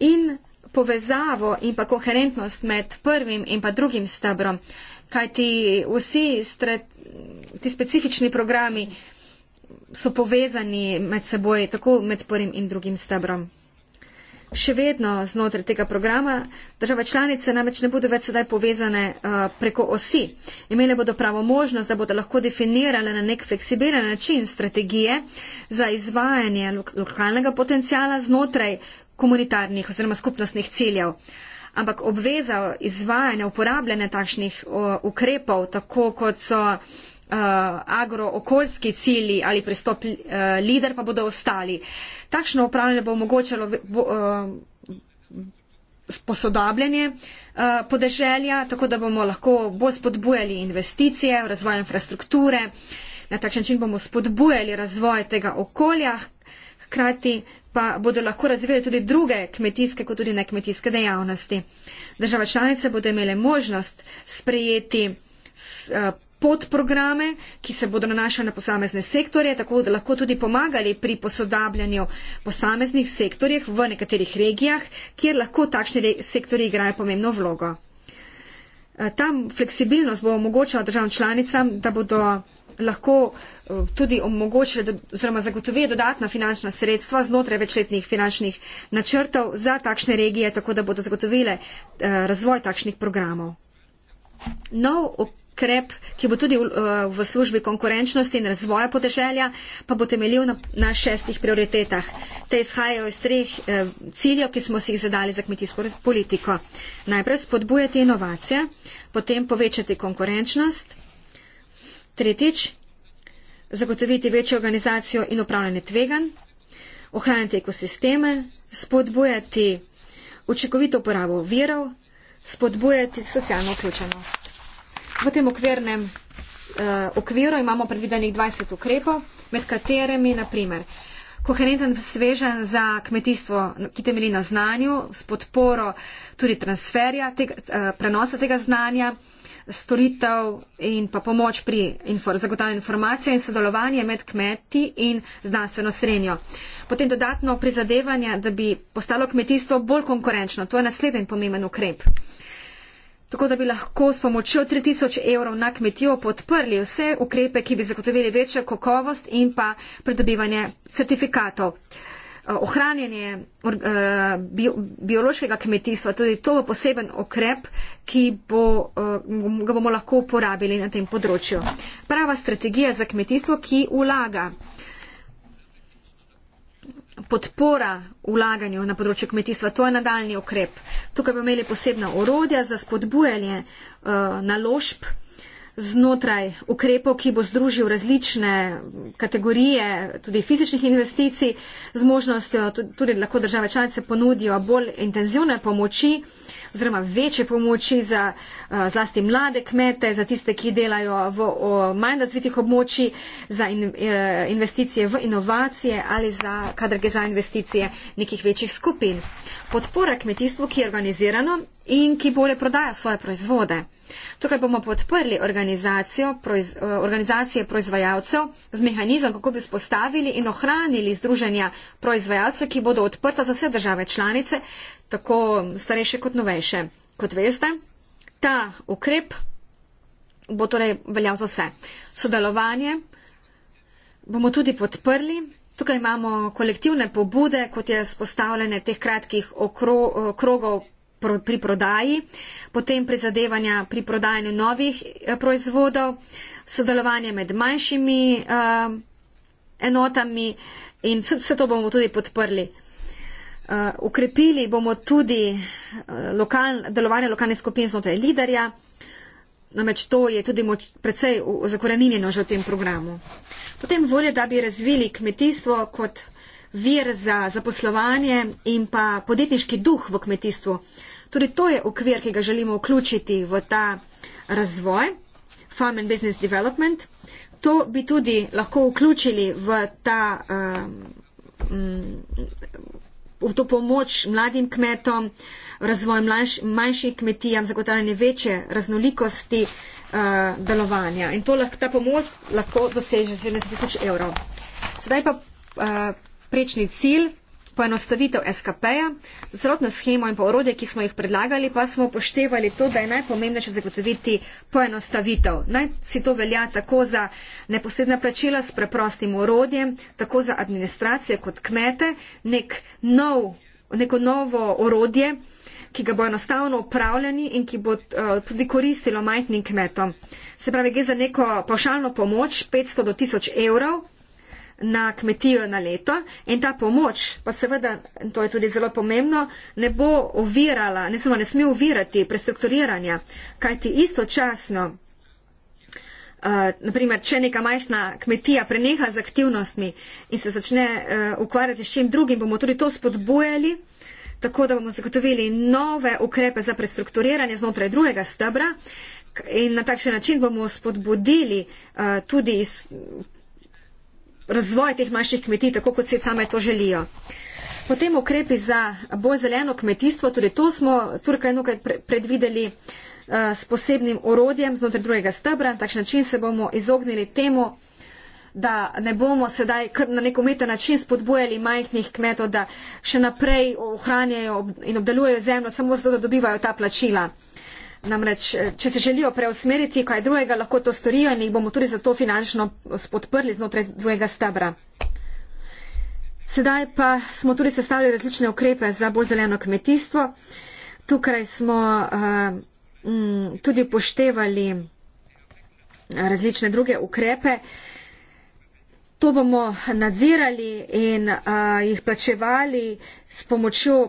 in povezavo in pa koherentnost med prvim in pa drugim stebrom. Kajti vsi strat, ti specifični programi so povezani med seboj, tako med prvim in drugim stebrom. Še vedno znotraj tega programa države članice namreč ne bodo več sedaj povezane uh, preko osi. Imele bodo pravo možnost, da bodo lahko definirale na nek fleksibilen način strategije za izvajanje lokalnega potencijala znotraj komunitarnih oziroma skupnostnih ciljev. Uh, ampak obveza izvajanja uporabljanja takšnih ukrepov, tako kot so uh, agrookoljski cilji ali pristop uh, lider, pa bodo ostali. Takšno upravljanje bo omogočalo bo, uh, e, posodabljanje uh, podeželja, tako da bomo lahko bolj spodbujali investicije v razvoj infrastrukture. Na takšen način bomo spodbujali razvoj tega okolja, hkrati pa bodo lahko razvijali tudi druge kmetijske kot tudi nekmetijske dejavnosti. Država članice bodo imele možnost sprejeti eh, podprograme, ki se bodo nanašali na posamezne sektorje, tako da lahko tudi pomagali pri posodabljanju posameznih sektorjev v nekaterih regijah, kjer lahko takšni sektori igrajo pomembno vlogo. Eh, tam fleksibilnost bo omogočala državam članicam, da bodo lahko tudi omogočile oziroma zagotovile dodatna finančna sredstva znotraj večletnih finančnih načrtov za takšne regije, tako da bodo zagotovile eh, razvoj takšnih programov. Nov ukrep, ki bo tudi eh, v službi konkurenčnosti in razvoja podeželja, pa bo temeljil na, na šestih prioritetah. Te izhajajo iz treh eh, ciljev, ki smo si jih zadali za kmetijsko politiko. Najprej spodbujati inovacije, potem povečati konkurenčnost, tretjič zagotoviti večjo organizacijo in upravljanje tvegan, ohranjati ekosisteme, spodbujati učinkovito uporabo virov, spodbujati socialno vključenost. V tem okvirnem uh, okviru imamo predvidenih 20 ukrepov, med katerimi naprimer koherenten svežen za kmetijstvo, ki temelji na znanju, s podporo tudi transferja, tega, uh, prenosa tega znanja, uh, storitev in pa pomoč pri infor, zagotavljanju informacij in sodelovanje med kmeti in znanstveno srednjo. Potem dodatno prizadevanje, da bi postalo kmetijstvo bolj konkurenčno. To je naslednji pomemben ukrep. Tako da bi lahko s pomočjo 3000 evrov na kmetijo podprli vse ukrepe, ki bi zagotovili večjo kakovost in pa pridobivanje certifikatov. Eh, ohranjanje eh, biološkega kmetijstva, tudi to bo poseben okrep, ki bo, eh, ga bomo lahko uporabili na tem področju. Prava strategija za kmetijstvo, ki ulaga podpora ulaganju na področju kmetijstva, to je nadaljni okrep. Tukaj bomo imeli posebna orodja za spodbujanje uh, naložb znotraj ukrepov, ki bo združil različne kategorije tudi fizičnih investicij, z možnostjo tudi lahko države članice ponudijo bolj intenzivne pomoči oziroma večje pomoči za eh, zlasti mlade kmete, za tiste, ki delajo v manj razvitih območjih, za in, eh, investicije v inovacije ali za kadrge za investicije nekih večjih skupin. Podpora kmetijstvu, ki je organizirano in ki bolje prodaja svoje proizvode. Tukaj bomo podprli organizacijo, proiz, eh, organizacije proizvajalcev z mehanizem, kako bi spostavili in ohranili združenja proizvajalcev, ki bodo odprta za vse države članice, tako starejše kot novejše. Kot veste, ta ukrep bo torej veljal za vse. Sodelovanje bomo tudi podprli. Tukaj imamo kolektivne pobude, kot je spostavljanje teh kratkih okro, krogov pri prodaji, potem prizadevanja pri prodajanju novih eh, proizvodov, sodelovanje med manjšimi eh, enotami in vse to bomo tudi podprli. Eh, ukrepili bomo tudi lokal, delovanje lokalnih skupin znotraj liderja, namreč to je tudi moč, precej zakoreninjeno že v tem programu. Potem volje, da bi razvili kmetijstvo kot vir za zaposlovanje in pa podjetniški duh v kmetijstvu. Tudi to je okvir, ki ga želimo vključiti v ta razvoj, Farm and Business Development. To bi tudi lahko vključili v, ta, um, v to pomoč mladim kmetom, razvoj mlajš, manjših kmetij, zagotavljanje večje raznolikosti uh, delovanja. In to lahko, ta pomoč lahko doseže 70 tisoč evrov. Sedaj pa uh, prečni cilj, poenostavitev SKP-ja, celotno schemo in pa orodje, ki smo jih predlagali, pa smo upoštevali to, da je najpomembnejše zagotoviti poenostavitev. Naj si to velja tako za neposredna plačila s preprostim orodjem, tako za administracijo kot kmete, nek nov, neko novo orodje, ki ga bo enostavno upravljeni in ki bo eh, tudi koristilo majhnim kmetom. Se pravi, gre za neko pošalno pomoč 500 do 1000 evrov na kmetijo na leto in ta pomoč, pa seveda, to je tudi zelo pomembno, ne bo ovirala, ne samo ne sme ovirati prestrukturiranja, kajti istočasno, eh, naprimer, če neka majšna kmetija preneha z aktivnostmi in se začne eh, ukvarjati s čim drugim, bomo tudi to spodbojali, tako da bomo zagotovili nove ukrepe za prestrukturiranje znotraj drugega stebra. In na takšen način bomo spodbudili uh, tudi iz razvoj teh manjših kmetij, tako kot si same to želijo. Potem ukrepi za bolj zeleno kmetijstvo, tudi to smo tukaj nekaj predvideli eh, s posebnim orodjem znotraj drugega stebra, na takšen način se bomo izognili temu, da ne bomo sedaj na nek umeten način spodbujali majhnih kmetov, da še naprej ohranjajo in obdelujejo zemljo samo zato, da dobivajo ta plačila. Namreč, eh, če se želijo preusmeriti kaj drugega, lahko to storijo in jih bomo tudi zato finančno podprli znotraj drugega stebra. Sedaj pa smo tudi sestavili različne ukrepe za bolj zeleno kmetijstvo. Tukaj smo uh, eh, m, mm, tudi poštevali različne druge ukrepe. To bomo nadzirali in uh, jih plačevali s pomočjo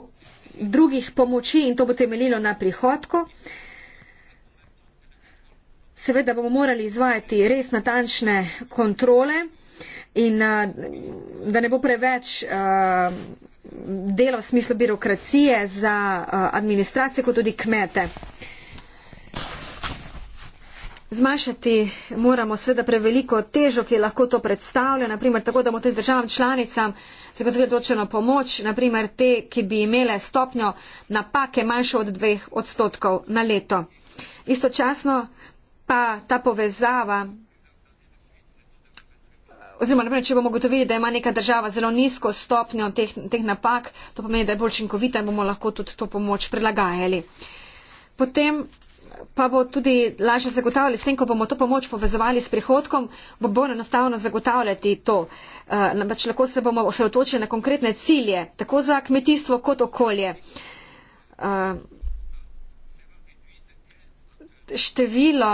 drugih pomoči in to bo temeljilo na prihodku. Uh, seveda bomo morali izvajati res natančne kontrole in da ne bo preveč dela v smislu birokracije za administracijo, kot tudi kmete. Zmanjšati moramo seveda preveliko težo, ki je lahko to predstavlja, naprimer tako, da bomo tudi državam članicam zagotovili določeno pomoč, naprimer te, ki bi imele stopnjo napake manjšo od dveh odstotkov na leto. Istočasno pa ta povezava, oziroma, naprimer, če bomo gotovili, da ima neka država zelo nizko stopnjo teh, teh napak, to pomeni, da je bolj učinkovita in bomo lahko tudi to pomoč prilagajali. Potem pa bo tudi lažje zagotavljati, s tem, ko bomo to pomoč povezovali s prihodkom, bo bolj enostavno zagotavljati to. Eh, namreč uh, lahko se bomo osredotočili na konkretne cilje, tako za kmetijstvo kot okolje. Uh, število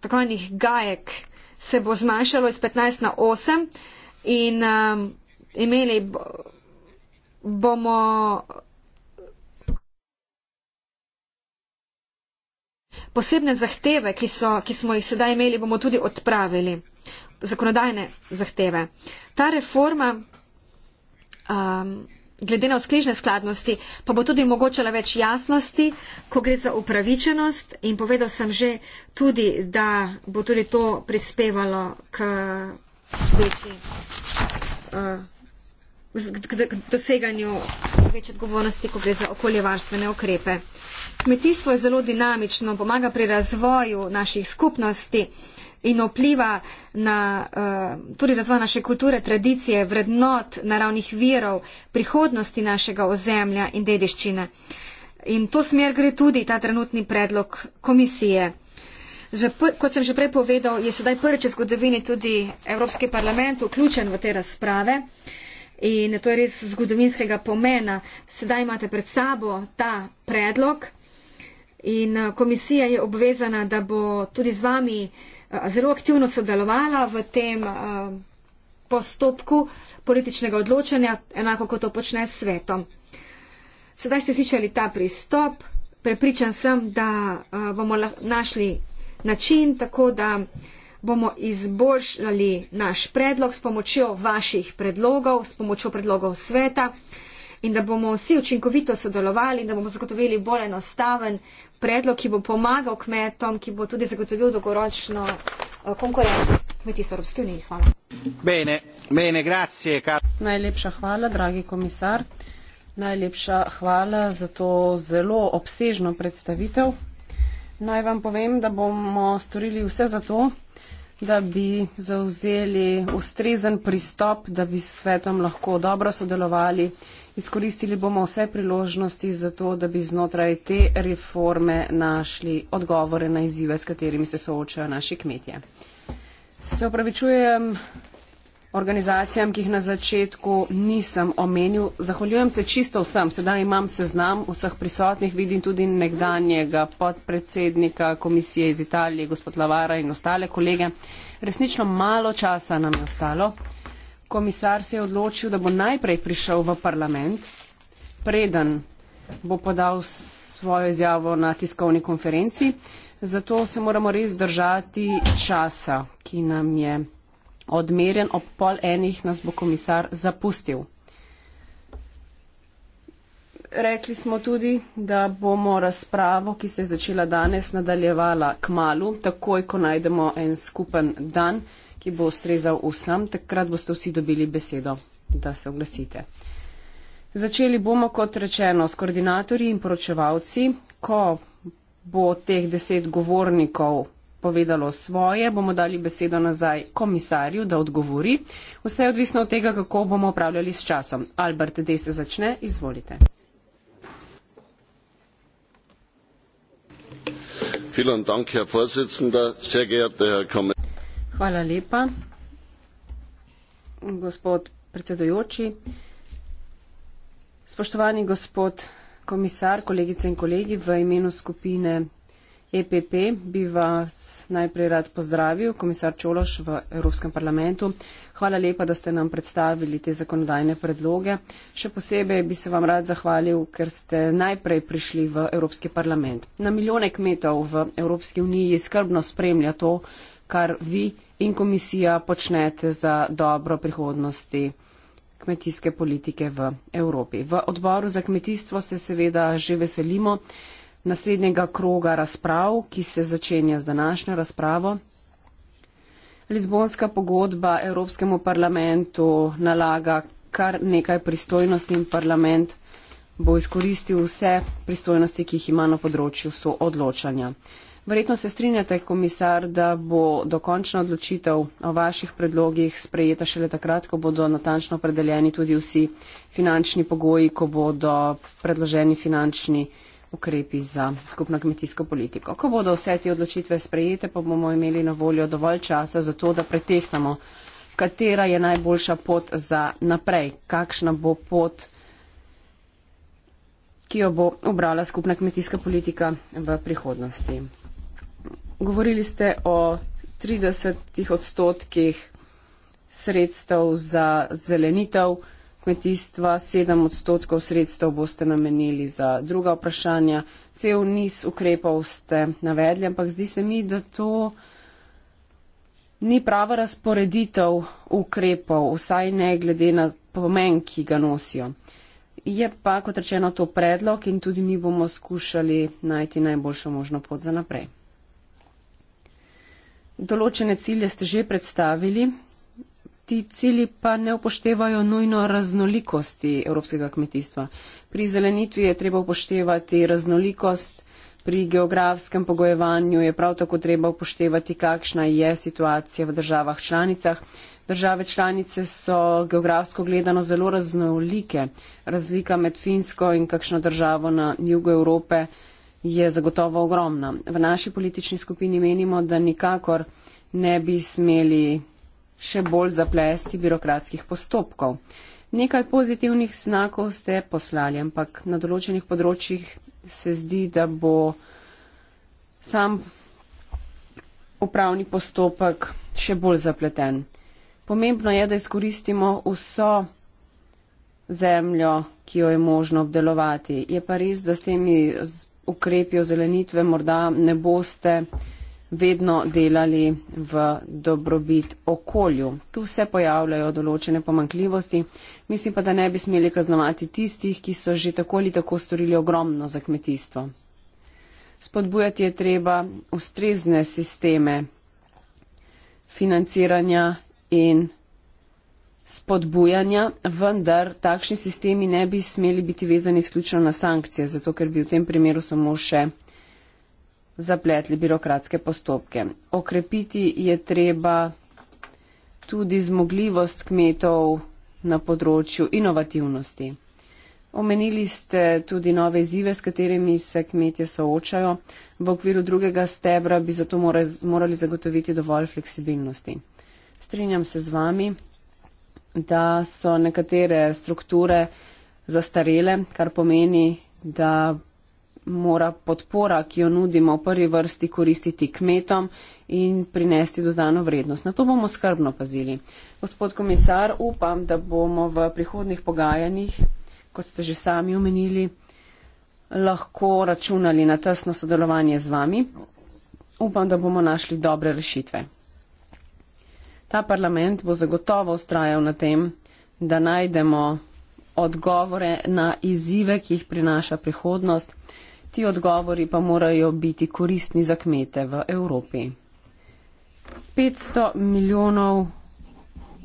tako enih gajek se bo zmanjšalo iz 15 na 8 in um, imeli bomo posebne zahteve, ki, so, ki smo jih sedaj imeli, bomo tudi odpravili. Zakonodajne zahteve. Ta reforma. Um, glede na uskližne skladnosti, pa bo tudi omogočala več jasnosti, ko gre za upravičenost in povedal sem že tudi, da bo tudi to prispevalo k večji eh, k doseganju večje odgovornosti, ko gre za okoljevarstvene ukrepe. Kmetijstvo je zelo dinamično, pomaga pri razvoju naših skupnosti in vpliva na uh, tudi razvoj naše kulture, tradicije, vrednot, naravnih virov, prihodnosti našega ozemlja in dediščine. In to smer gre tudi ta trenutni predlog komisije. Že, kot sem že prej povedal, je sedaj prvič v zgodovini tudi Evropski parlament vključen v te razprave in to je res zgodovinskega pomena. Sedaj imate pred sabo ta predlog in eh, komisija je obvezana, da bo tudi z vami uh, zelo aktivno sodelovala v tem postopku političnega odločanja, enako kot to počne s svetom. Sedaj ste slišali ta pristop. Prepričan sem, da bomo našli način, tako da bomo izboljšali naš predlog s pomočjo vaših predlogov, s pomočjo predlogov sveta in da bomo vsi učinkovito sodelovali in da bomo zagotovili bolj enostaven, predlog, ki bo pomagal kmetom, ki bo tudi zagotovil dolgoročno eh, konkurenčno kmetijstvo Evropske unije. Hvala. Bene, bene, grazie. Najlepša hvala, dragi komisar. Najlepša hvala za to zelo obsežno predstavitev. Naj vam povem, da bomo storili vse za to, da bi zauzeli ustrezen pristop, da bi s svetom lahko dobro sodelovali Izkoristili bomo vse priložnosti za to, da bi znotraj te reforme našli odgovore na izzive, s katerimi se soočajo naši kmetje. Se opravičujem organizacijam, ki jih na začetku nisem omenil. Zahvaljujem se čisto vsem. Sedaj imam seznam vseh prisotnih, vidim tudi nekdanjega podpredsednika komisije iz Italije, gospod Lavara in ostale kolege. Resnično malo časa nam je ostalo komisar se je odločil, da bo najprej prišel v parlament, preden bo podal svojo izjavo na tiskovni konferenci. Zato se moramo res držati časa, ki nam je odmerjen. Ob pol enih nas bo komisar zapustil. Rekli smo tudi, da bomo razpravo, ki se je začela danes, nadaljevala k malu, takoj, ko najdemo en skupen dan ki bo ustrezal vsem, takrat boste vsi dobili besedo, da se oglasite. Začeli bomo, kot rečeno, s koordinatorji in poročevalci. Ko bo teh deset govornikov povedalo svoje, bomo dali besedo nazaj komisarju, da odgovori. Vse je odvisno od tega, kako bomo upravljali s časom. Albert, da se začne, izvolite. Vielen Dank, Herr Vorsitzender, sehr geehrter Herr Kommissar. Hvala lepa. Gospod predsedujoči, spoštovani gospod komisar, kolegice in kolegi, v imenu skupine EPP bi vas najprej rad pozdravil, komisar Čološ v Evropskem parlamentu. Hvala lepa, da ste nam predstavili te zakonodajne predloge. Še posebej bi se vam rad zahvalil, ker ste najprej prišli v Evropski parlament. Na milijone kmetov v Evropski uniji skrbno spremlja to, kar vi in komisija počnete za dobro prihodnosti kmetijske politike v Evropi. V odboru za kmetijstvo se seveda že veselimo naslednjega kroga razprav, ki se začenja z današnjo razpravo. Lizbonska pogodba Evropskemu parlamentu nalaga kar nekaj pristojnosti in parlament bo izkoristil vse pristojnosti, ki jih ima na področju soodločanja. Verjetno se strinjate, komisar, da bo dokončna odločitev o vaših predlogih sprejeta šele takrat, ko bodo natančno predeljeni tudi vsi finančni pogoji, ko bodo predloženi finančni ukrepi za skupno kmetijsko politiko. Ko bodo vse te odločitve sprejete, pa bomo imeli na voljo dovolj časa za to, da pretehtamo, katera je najboljša pot za naprej, kakšna bo pot, ki jo bo obrala skupna kmetijska politika v prihodnosti govorili ste o 30 odstotkih sredstev za zelenitev kmetijstva, 7 odstotkov sredstev boste namenili za druga vprašanja. Cel niz ukrepov ste navedli, ampak zdi se mi, da to ni prava razporeditev ukrepov, vsaj ne glede na pomen, ki ga nosijo. Je pa, kot rečeno, to predlog in tudi mi bomo skušali najti najboljšo možno pot za naprej določene cilje ste že predstavili, ti cilji pa ne upoštevajo nujno raznolikosti evropskega kmetijstva. Pri zelenitvi je treba upoštevati raznolikost, pri geografskem pogojevanju je prav tako treba upoštevati, kakšna je situacija v državah članicah. Države članice so geografsko gledano zelo raznolike. Razlika med Finsko in kakšno državo na jugu Evrope je zagotovo ogromna. V naši politični skupini menimo, da nikakor ne bi smeli še bolj zaplesti birokratskih postopkov. Nekaj pozitivnih znakov ste poslali, ampak na določenih področjih se zdi, da bo sam upravni postopek še bolj zapleten. Pomembno je, da izkoristimo vso zemljo, ki jo je možno obdelovati. Je pa res, da s temi z ukrepi ozelenitve morda ne boste vedno delali v dobrobit okolju. Tu se pojavljajo določene pomankljivosti, mislim pa, da ne bi smeli kaznovati tistih, ki so že tako ali tako storili ogromno za kmetijstvo. Spodbujati je treba ustrezne sisteme financiranja in spodbujanja, vendar takšni sistemi ne bi smeli biti vezani izključno na sankcije, zato ker bi v tem primeru samo še zapletli birokratske postopke. Okrepiti je treba tudi zmogljivost kmetov na področju inovativnosti. Omenili ste tudi nove izzive, s katerimi se kmetje soočajo. V okviru drugega stebra bi zato morali zagotoviti dovolj fleksibilnosti. Strinjam se z vami da so nekatere strukture zastarele, kar pomeni, da mora podpora, ki jo nudimo v prvi vrsti, koristiti kmetom in prinesti dodano vrednost. Na to bomo skrbno pazili. Gospod komisar, upam, da bomo v prihodnih pogajanjih, kot ste že sami omenili, lahko računali na tesno sodelovanje z vami. Upam, da bomo našli dobre rešitve ta parlament bo zagotovo ustrajal na tem, da najdemo odgovore na izzive, ki jih prinaša prihodnost. Ti odgovori pa morajo biti koristni za kmete v Evropi. 500 milijonov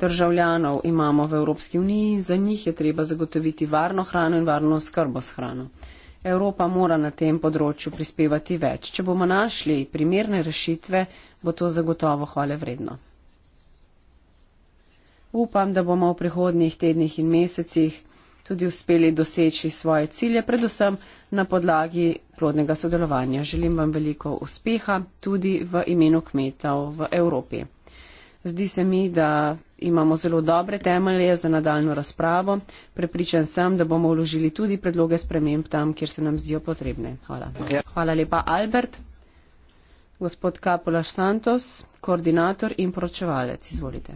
državljanov imamo v Evropski uniji, za njih je treba zagotoviti varno hrano in varno skrbo s hrano. Evropa mora na tem področju prispevati več. Če bomo našli primerne rešitve, bo to zagotovo hvale vredno. Upam, da bomo v prihodnjih tednih in mesecih tudi uspeli doseči svoje cilje, predvsem na podlagi plodnega sodelovanja. Želim vam veliko uspeha tudi v imenu kmetov v Evropi. Zdi se mi, da imamo zelo dobre temelje za nadaljno razpravo. Prepričan sem, da bomo vložili tudi predloge sprememb tam, kjer se nam zdijo potrebne. Hvala. Ja. Hvala lepa, Albert. Gospod Kapolaš Santos, koordinator in poročevalec, izvolite.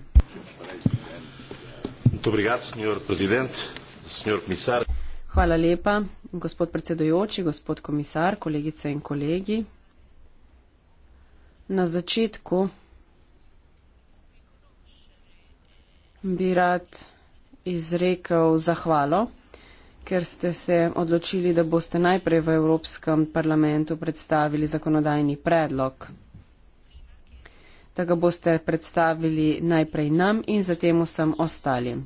Hvala lepa, gospod predsedujoči, gospod komisar, kolegice in kolegi. Na začetku bi rad izrekel zahvalo, ker ste se odločili, da boste najprej v Evropskem parlamentu predstavili zakonodajni predlog da ga boste predstavili najprej nam in zatem vsem ostalim.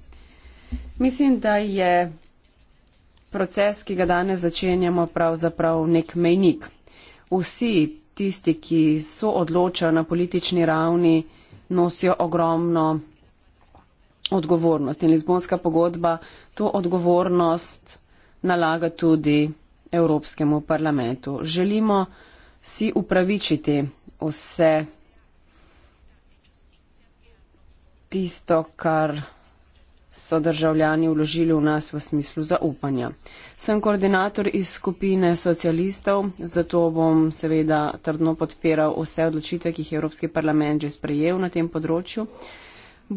Mislim, da je proces, ki ga danes začenjamo, pravzaprav nek mejnik. Vsi tisti, ki so odločajo na politični ravni, nosijo ogromno odgovornost. In Lizbonska pogodba to odgovornost nalaga tudi Evropskemu parlamentu. Želimo si upravičiti vse tisto, kar so državljani vložili v nas v smislu zaupanja. Sem koordinator iz skupine socialistov, zato bom seveda trdno podpiral vse odločitve, ki jih je Evropski parlament že sprejel na tem področju.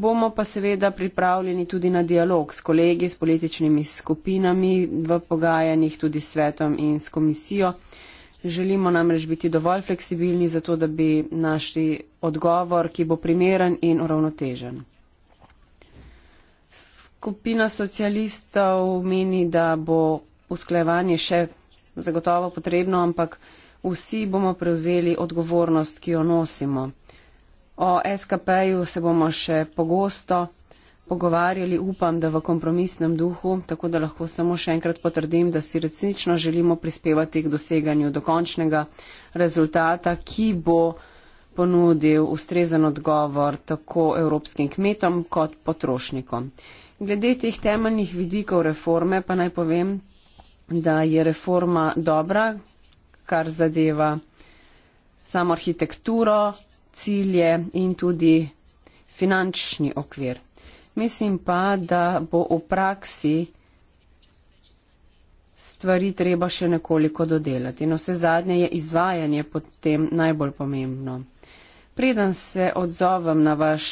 Bomo pa seveda pripravljeni tudi na dialog s kolegi, s političnimi skupinami, v pogajanjih tudi s svetom in s komisijo. Želimo namreč biti dovolj fleksibilni za to, da bi našli odgovor, ki bo primeren in uravnotežen. Skupina socialistov meni, da bo usklajevanje še zagotovo potrebno, ampak vsi bomo prevzeli odgovornost, ki jo nosimo. O SKP-ju se bomo še pogosto pogovarjali, upam, da v kompromisnem duhu, tako da lahko samo še enkrat potrdim, da si resnično želimo prispevati k doseganju dokončnega rezultata, ki bo ponudil ustrezen odgovor tako evropskim kmetom kot potrošnikom. Glede teh temeljnih vidikov reforme pa naj povem, da je reforma dobra, kar zadeva samo arhitekturo, cilje in tudi finančni okvir. Mislim pa, da bo v praksi stvari treba še nekoliko dodelati. In no, vse zadnje je izvajanje potem najbolj pomembno. Preden se odzovem na vaš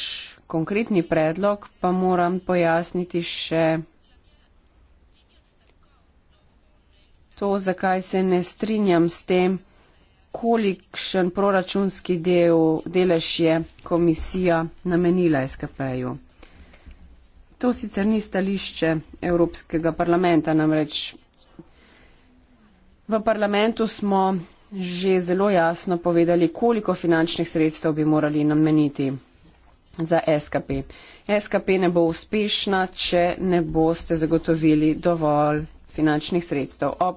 konkretni predlog pa moram pojasniti še to, zakaj se ne strinjam s tem, kolikšen proračunski del, delež je komisija namenila SKP-ju. To sicer ni stališče Evropskega parlamenta, namreč v parlamentu smo že zelo jasno povedali, koliko finančnih sredstev bi morali nameniti za SKP. SKP ne bo uspešna, če ne boste zagotovili dovolj finančnih sredstev. Ob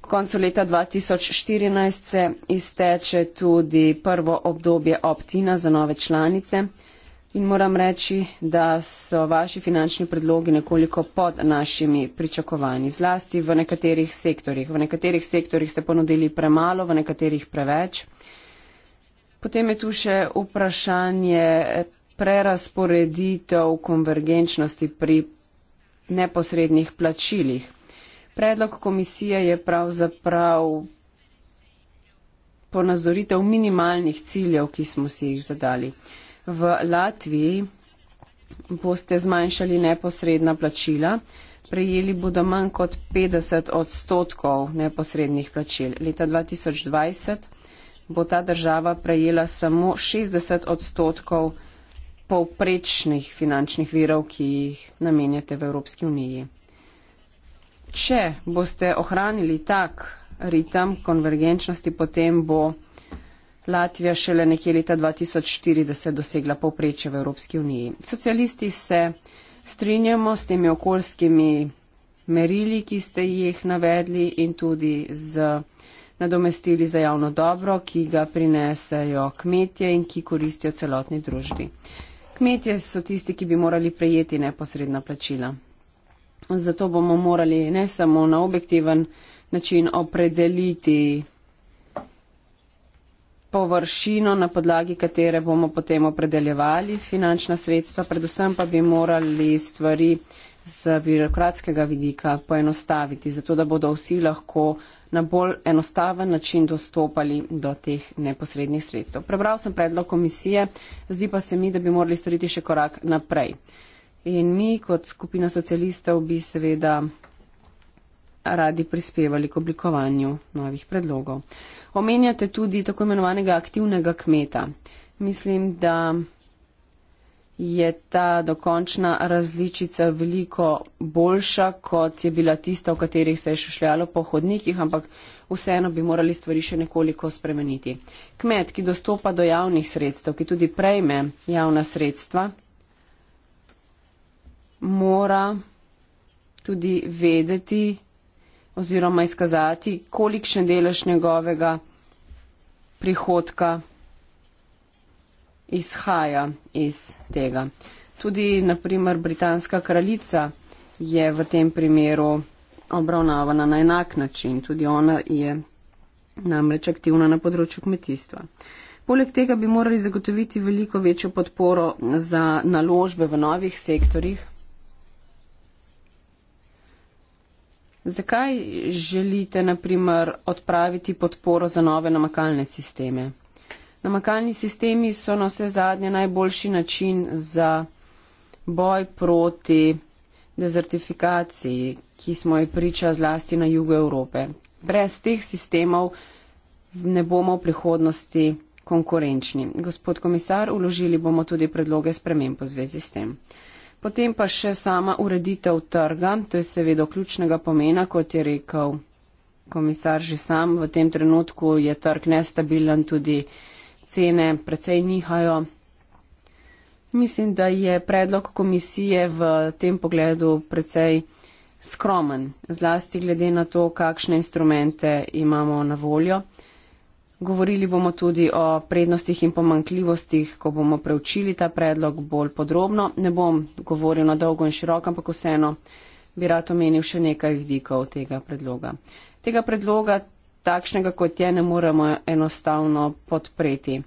koncu leta 2014 se izteče tudi prvo obdobje optina za nove članice in moram reči, da so vaši finančni predlogi nekoliko pod našimi pričakovanji, zlasti v nekaterih sektorjih. V nekaterih sektorjih ste ponudili premalo, v nekaterih preveč. Potem je tu še vprašanje prerasporeditev konvergenčnosti pri neposrednih plačilih. Predlog komisije je pravzaprav ponazoritev minimalnih ciljev, ki smo si jih zadali. V Latviji boste zmanjšali neposredna plačila, prejeli bodo manj kot 50 odstotkov neposrednih plačil. Leta 2020 bo ta država prejela samo 60 odstotkov povprečnih finančnih virov, ki jih namenjate v Evropski uniji. Če boste ohranili tak ritem konvergenčnosti, potem bo Latvija šele nekje leta 2040 dosegla povprečje v Evropski uniji. Socialisti se strinjamo s temi okoljskimi merili, ki ste jih navedli in tudi z nadomestili za javno dobro, ki ga prinesejo kmetje in ki koristijo celotni družbi. Kmetje so tisti, ki bi morali prejeti neposredna plačila. Zato bomo morali ne samo na objektiven način opredeliti površino, na podlagi katere bomo potem opredeljevali finančna sredstva, predvsem pa bi morali stvari z birokratskega vidika poenostaviti, zato da bodo vsi lahko na bolj enostaven način dostopali do teh neposrednih sredstev. Prebral sem predlog komisije, zdi pa se mi, da bi morali storiti še korak naprej. In mi kot skupina socialistov bi seveda radi prispevali k oblikovanju novih predlogov. Omenjate tudi tako imenovanega aktivnega kmeta. Mislim, da je ta dokončna različica veliko boljša, kot je bila tista, v katerih se je šušljalo po hodnikih, ampak vseeno bi morali stvari še nekoliko spremeniti. Kmet, ki dostopa do javnih sredstev, ki tudi prejme javna sredstva, mora tudi vedeti oziroma izkazati, kolikšen delež njegovega prihodka izhaja iz tega. Tudi, naprimer, britanska kraljica je v tem primeru obravnavana na enak način. Tudi ona je namreč aktivna na področju kmetijstva. Poleg tega bi morali zagotoviti veliko večjo podporo za naložbe v novih sektorjih. Zakaj želite, naprimer, odpraviti podporo za nove namakalne sisteme? Namakalni sistemi so na vse zadnje najboljši način za boj proti dezertifikaciji, ki smo ji priča zlasti na jugu Evrope. Brez teh sistemov ne bomo v prihodnosti konkurenčni. Gospod komisar, uložili bomo tudi predloge sprememb v zvezi s tem. Potem pa še sama ureditev trga, to je seveda ključnega pomena, kot je rekel komisar že sam, v tem trenutku je trg nestabilen tudi cene precej nihajo. Mislim, da je predlog komisije v tem pogledu precej skromen, zlasti glede na to, kakšne instrumente imamo na voljo. Govorili bomo tudi o prednostih in pomankljivostih, ko bomo preučili ta predlog bolj podrobno. Ne bom govoril na dolgo in široko, ampak vseeno bi rad omenil še nekaj vidikov tega predloga. Tega predloga takšnega, kot je, ne moremo enostavno podpreti.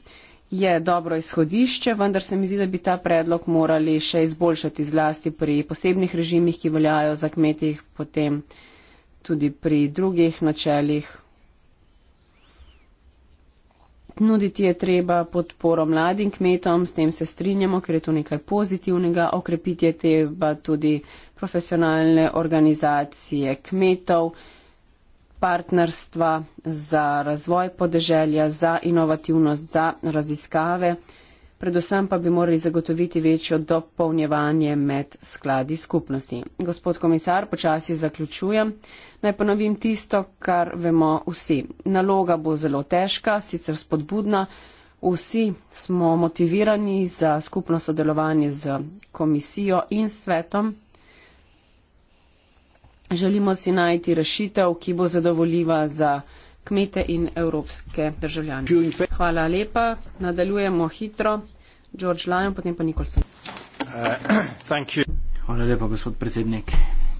Je dobro izhodišče, vendar se mi zdi, da bi ta predlog morali še izboljšati zlasti pri posebnih režimih, ki veljajo za kmetih, potem tudi pri drugih načeljih. Nuditi je treba podporo mladim kmetom, s tem se strinjamo, ker je to nekaj pozitivnega. Okrepiti je treba tudi profesionalne organizacije kmetov partnerstva za razvoj podeželja, za inovativnost, za raziskave. Predvsem pa bi morali zagotoviti večjo dopolnjevanje med skladi skupnosti. Gospod komisar, počasi zaključujem. Naj ponovim tisto, kar vemo vsi. Naloga bo zelo težka, sicer spodbudna. Vsi smo motivirani za skupno sodelovanje z komisijo in svetom. Želimo si najti rešitev, ki bo zadovoljiva za kmete in evropske državljane. Hvala lepa. Nadaljujemo hitro. George Lyon, potem pa Nikolson. Uh, Hvala lepa, gospod predsednik.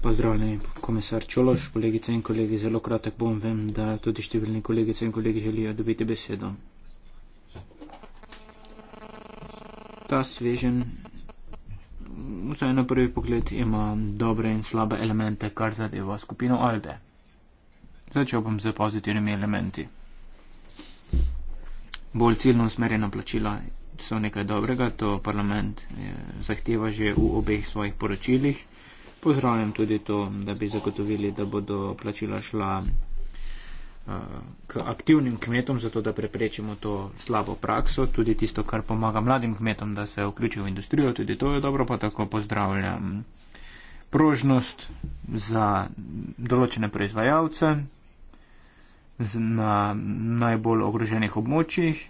Pozdravljeni, komisar Čološ, kolegice in kolegi. Zelo kratek bom, vem, da tudi številni kolegice in kolegi želijo dobiti besedo. Ta svežen vsaj na prvi pogled ima dobre in slabe elemente, kar zadeva skupino Albe. Začel bom z pozitivnimi elementi. Bolj ciljno usmerjena plačila so nekaj dobrega, to parlament eh, zahteva že v obeh svojih poročilih. Pozdravljam tudi to, da bi zagotovili, da bodo plačila šla Eh, k aktivnim kmetom, zato da preprečimo to slabo prakso, tudi tisto, kar pomaga mladim kmetom, da se vključijo v industrijo, tudi to je dobro, pa tako pozdravljam prožnost za določene proizvajalce na najbolj ogroženih območjih.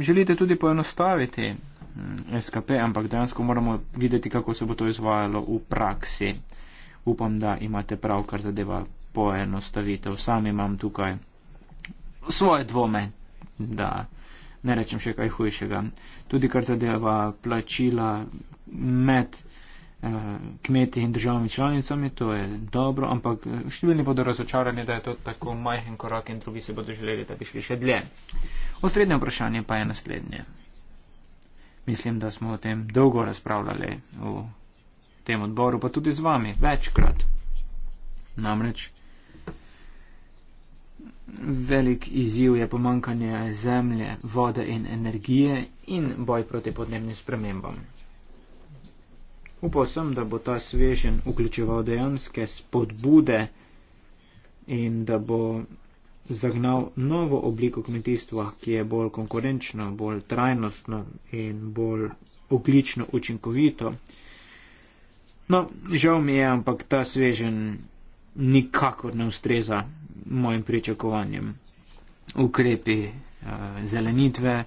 Želite tudi poenostaviti mm, SKP, ampak dejansko moramo videti, kako se bo to izvajalo v praksi. Upam, da imate prav, kar zadeva poenostavitev. Sam imam tukaj svoje dvome, da ne rečem še kaj hujšega. Tudi kar zadeva plačila med eh, kmeti in državami članicami, to je dobro, ampak eh, številni bodo razočarani, da je to tako majhen korak in drugi se bodo želeli, da bi šli še dlje. Osrednje vprašanje pa je naslednje. Mislim, da smo o tem dolgo razpravljali v tem odboru, pa tudi z vami večkrat. Namreč Velik izziv je pomankanje zemlje, vode in energije in boj proti podnebnim spremembam. Upal sem, da bo ta svežen vključeval dejanske spodbude in da bo zagnal novo obliko kmetijstva, ki je bolj konkurenčno, bolj trajnostno in bolj oglično učinkovito. No, žal mi je, ampak ta svežen nikakor ne ustreza mojim pričakovanjem. Ukrepi uh, zelenitve,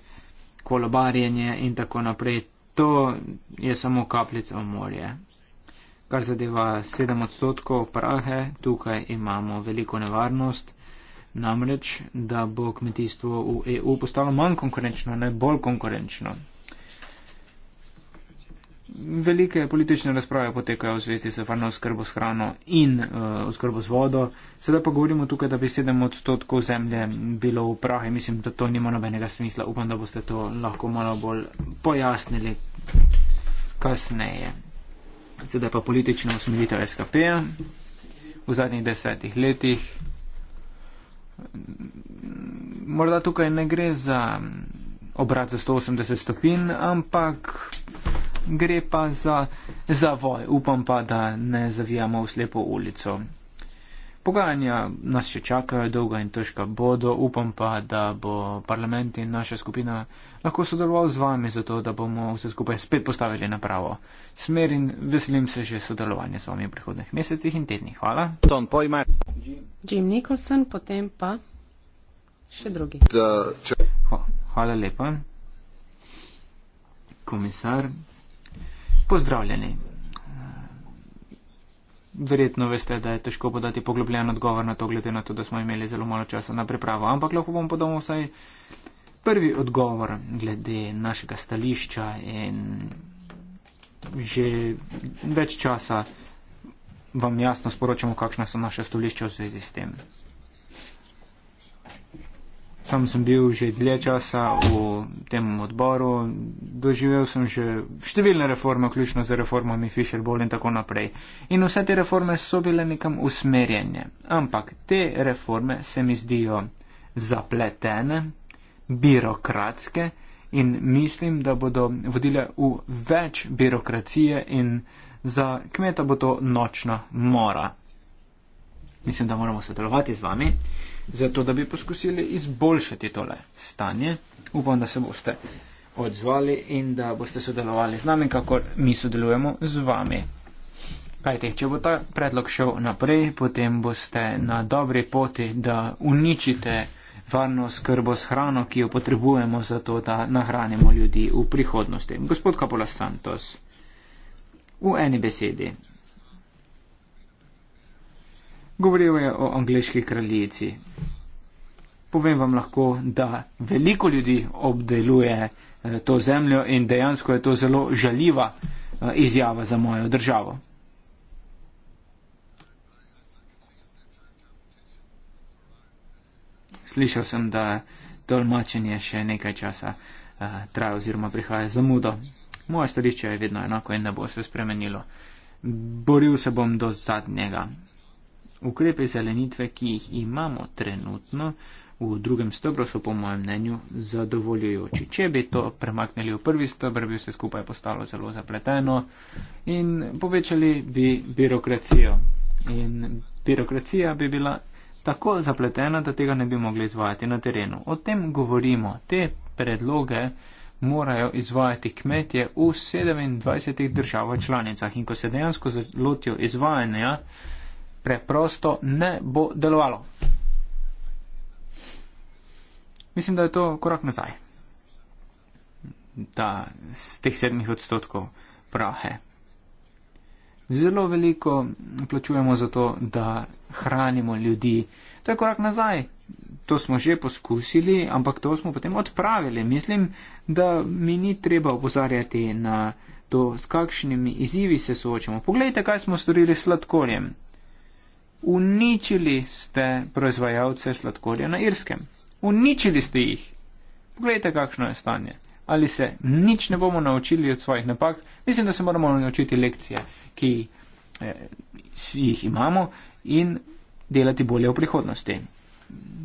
kolobarjenje in tako naprej, to je samo kapljica v morje. Kar zadeva 7 odstotkov prahe, tukaj imamo veliko nevarnost, namreč, da bo kmetijstvo v EU postalo manj konkurenčno, ne bolj konkurenčno velike politične razprave potekajo v zvezi z varno oskrbo s hrano in uh, oskrbo z vodo. Sedaj pa govorimo tukaj, da bi 7 odstotkov zemlje bilo v prahe. Mislim, da to nima nobenega smisla. Upam, da boste to lahko malo bolj pojasnili kasneje. Sedaj pa politična usmeritev SKP-ja. V zadnjih desetih letih. Morda tukaj ne gre za obrat za 180 stopinj, ampak gre pa za zavoj. Upam pa, da ne zavijamo v slepo ulico. Pogajanja nas še čakajo, dolga in težka bodo, upam pa, da bo parlament in naša skupina lahko sodeloval z vami, zato da bomo vse skupaj spet postavili na pravo smer in veselim se že sodelovanja z vami v prihodnih mesecih in tednih. Hvala. Tom Pojmer. Jim Nicholson, potem pa še drugi. Hvala lepa. Komisar. Pozdravljeni. Verjetno veste, da je težko podati poglobljen odgovor na to, glede na to, da smo imeli zelo malo časa na pripravo, ampak lahko bom podal vsaj prvi odgovor glede našega stališča in že več časa vam jasno sporočamo, kakšna so naše stališča v zvezi s tem. Sam sem bil že dlje časa v tem odboru, doživel sem že številne reforme, vključno z reformami Fisher Bowl in tako naprej. In vse te reforme so bile nekam usmerjene. Ampak te reforme se mi zdijo zapletene, birokratske in mislim, da bodo vodile v več birokracije in za kmeta bo to nočna mora mislim, da moramo sodelovati z vami, zato da bi poskusili izboljšati tole stanje. Upam, da se boste odzvali in da boste sodelovali z nami, kako mi sodelujemo z vami. Kajte, če bo ta predlog šel naprej, potem boste na dobri poti, da uničite varno skrbo s hrano, ki jo potrebujemo za to, da nahranimo ljudi v prihodnosti. Gospod Kapola Santos, v eni besedi, Govoril je o angliški kraljici. Povem vam lahko, da veliko ljudi obdeluje eh, to zemljo in dejansko je to zelo žaljiva eh, izjava za mojo državo. Slišal sem, da tolmačenje še nekaj časa uh, traja oziroma prihaja zamudo. Moje stališče je vedno enako in ne bo se spremenilo. Boril se bom do zadnjega. Ukrepe zelenitve, ki jih imamo trenutno v drugem stebru, so po mojem mnenju zadovoljujoči. Če bi to premaknili v prvi stebr, bi vse skupaj postalo zelo zapleteno in povečali bi birokracijo. In birokracija bi bila tako zapletena, da tega ne bi mogli izvajati na terenu. O tem govorimo. Te predloge morajo izvajati kmetje v 27 državah članicah in ko se dejansko lotijo izvajanja, preprosto ne bo delovalo. Mislim, da je to korak nazaj. Ta z teh sedmih odstotkov prahe. Zelo veliko plačujemo za to, da hranimo ljudi. To je korak nazaj. To smo že poskusili, ampak to smo potem odpravili. Mislim, da mi ni treba opozarjati na to, s kakšnimi izzivi se soočamo. Poglejte, kaj smo storili s sladkorjem. Uničili ste proizvajalce sladkorja na Irskem. Uničili ste jih. Poglejte, kakšno je stanje. Ali se nič ne bomo naučili od svojih napak? Mislim, da se moramo naučiti lekcije, ki eh, jih imamo in delati bolje v prihodnosti.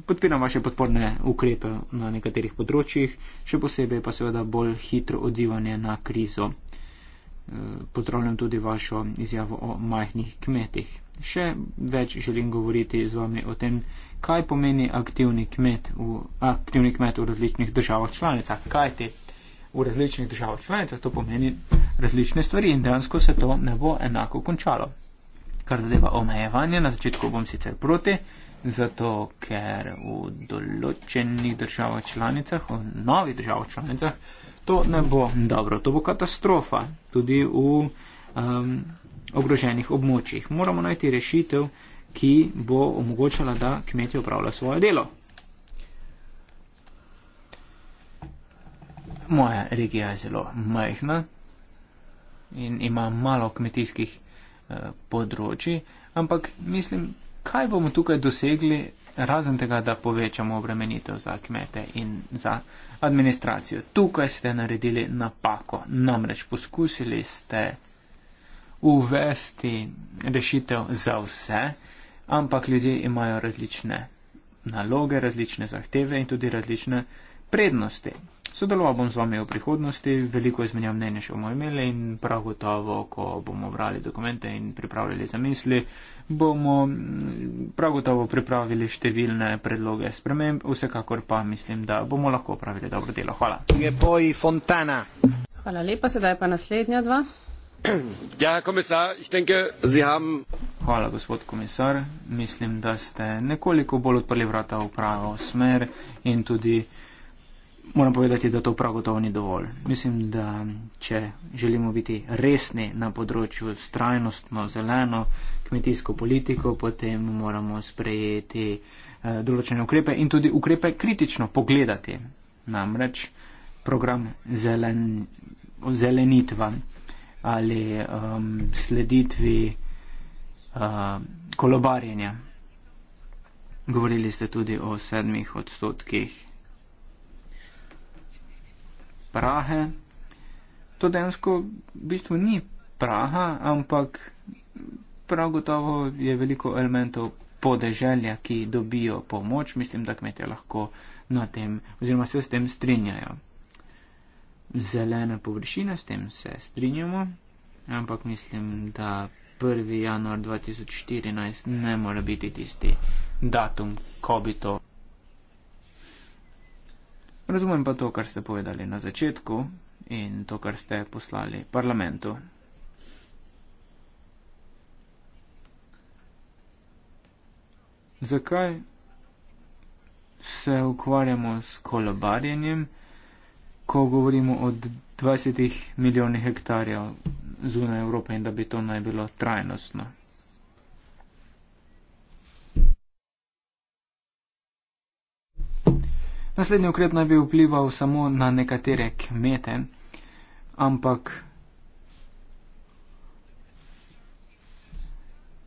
Podpiram vaše podporne ukrepe na nekaterih področjih, še posebej pa seveda bolj hitro odzivanje na krizo. Eh, pozdravljam tudi vašo izjavo o majhnih kmetih še več želim govoriti z vami o tem, kaj pomeni aktivni kmet v, aktivni kmet v različnih državah članicah. Kaj ti v različnih državah članicah to pomeni različne stvari in dejansko se to ne bo enako končalo. Kar zadeva omejevanje, na začetku bom sicer proti, zato ker v določenih državah članicah, v novih državah članicah, to ne bo dobro, to bo katastrofa. Tudi v um, ogroženih območjih. Moramo najti rešitev, ki bo omogočala, da kmetje upravljajo svoje delo. Moja regija je zelo majhna in ima malo kmetijskih eh, področji, ampak mislim, kaj bomo tukaj dosegli, razen tega, da povečamo obremenitev za kmete in za administracijo. Tukaj ste naredili napako, namreč poskusili ste uvesti rešitev za vse, ampak ljudje imajo različne naloge, različne zahteve in tudi različne prednosti. Sodeloval bom z vami v prihodnosti, veliko izmenjav mnenja še bomo imeli in prav gotovo, ko bomo brali dokumente in pripravljali zamisli, bomo mm, prav gotovo pripravili številne predloge sprememb, vsekakor pa mislim, da bomo lahko opravili dobro delo. Hvala. Hvala lepa, sedaj pa naslednja dva herr ja, kommissar ich denke sie haben Hvala, gospod komisar. Mislim, da ste nekoliko bolj odprli vrata v pravo smer in tudi moram povedati, da to prav gotovo ni dovolj. Mislim, da če želimo biti resni na področju strajnostno zeleno kmetijsko politiko, potem moramo sprejeti eh, določene ukrepe in tudi ukrepe kritično pogledati. Namreč program zelen, zelenitva ali um, sleditvi um, kolobarjenja. Govorili ste tudi o sedmih odstotkih prahe. To dejansko v bistvu ni praha, ampak prav gotovo je veliko elementov podeželja, ki dobijo pomoč. Mislim, da kmetje lahko na tem oziroma se s tem strinjajo zelene površine, s tem se strinjamo, ampak mislim, da 1. januar 2014 ne mora biti tisti datum, ko bi to. Razumem pa to, kar ste povedali na začetku in to, kar ste poslali parlamentu. Zakaj se ukvarjamo s kolobarjenjem? ko govorimo o 20 milijonih hektarjev zunaj Evrope in da bi to naj bilo trajnostno. Naslednji ukrep naj bi vplival samo na nekatere kmete, ampak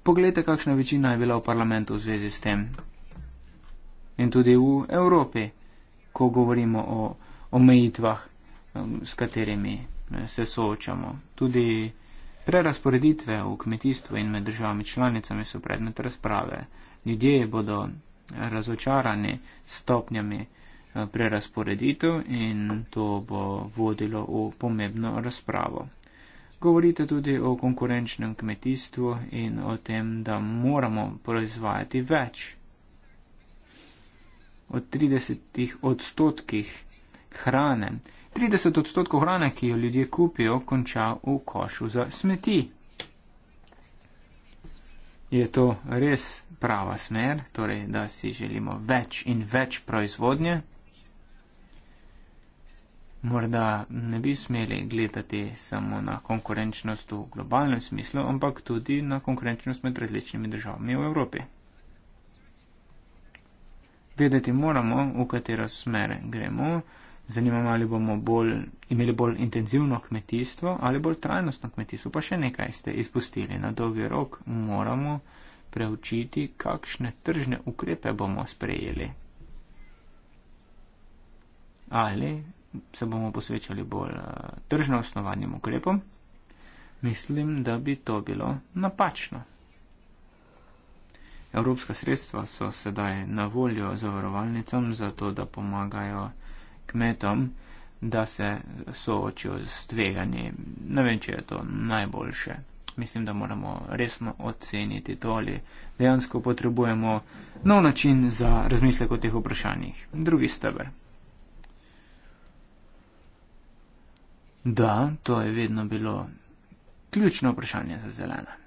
pogledajte, kakšna večina je bila v parlamentu v zvezi s tem. In tudi v Evropi, ko govorimo o omejitvah, um, s katerimi eh, se soočamo. Tudi prerasporeditve v kmetijstvu in med državami članicami so predmet razprave. Ljudje bodo razočarani stopnjami eh, prerasporeditev in to bo vodilo v pomembno razpravo. Govorite tudi o konkurenčnem kmetijstvu in o tem, da moramo proizvajati več. Od 30 odstotkih hrane. 30 odstotkov hrane, ki jo ljudje kupijo, konča v košu za smeti. Je to res prava smer, torej, da si želimo več in več proizvodnje? Morda ne bi smeli gledati samo na konkurenčnost v globalnem smislu, ampak tudi na konkurenčnost med različnimi državami v Evropi. Vedeti moramo, v katero smer gremo, Zanima me, ali bomo bolj, imeli bolj intenzivno kmetijstvo ali bolj trajnostno kmetijstvo. Pa še nekaj ste izpustili. Na dolgi rok moramo preučiti, kakšne tržne ukrepe bomo sprejeli. Ali se bomo posvečali bolj eh, tržno osnovanjem ukrepom. Mislim, da bi to bilo napačno. Evropska sredstva so sedaj na voljo zavarovalnicam za to, da pomagajo kmetom, da se soočijo z tveganji. Ne vem, če je to najboljše. Mislim, da moramo resno oceniti to, ali dejansko potrebujemo nov način za razmislek o teh vprašanjih. Drugi stebr. Da, to je vedno bilo ključno vprašanje za zelena.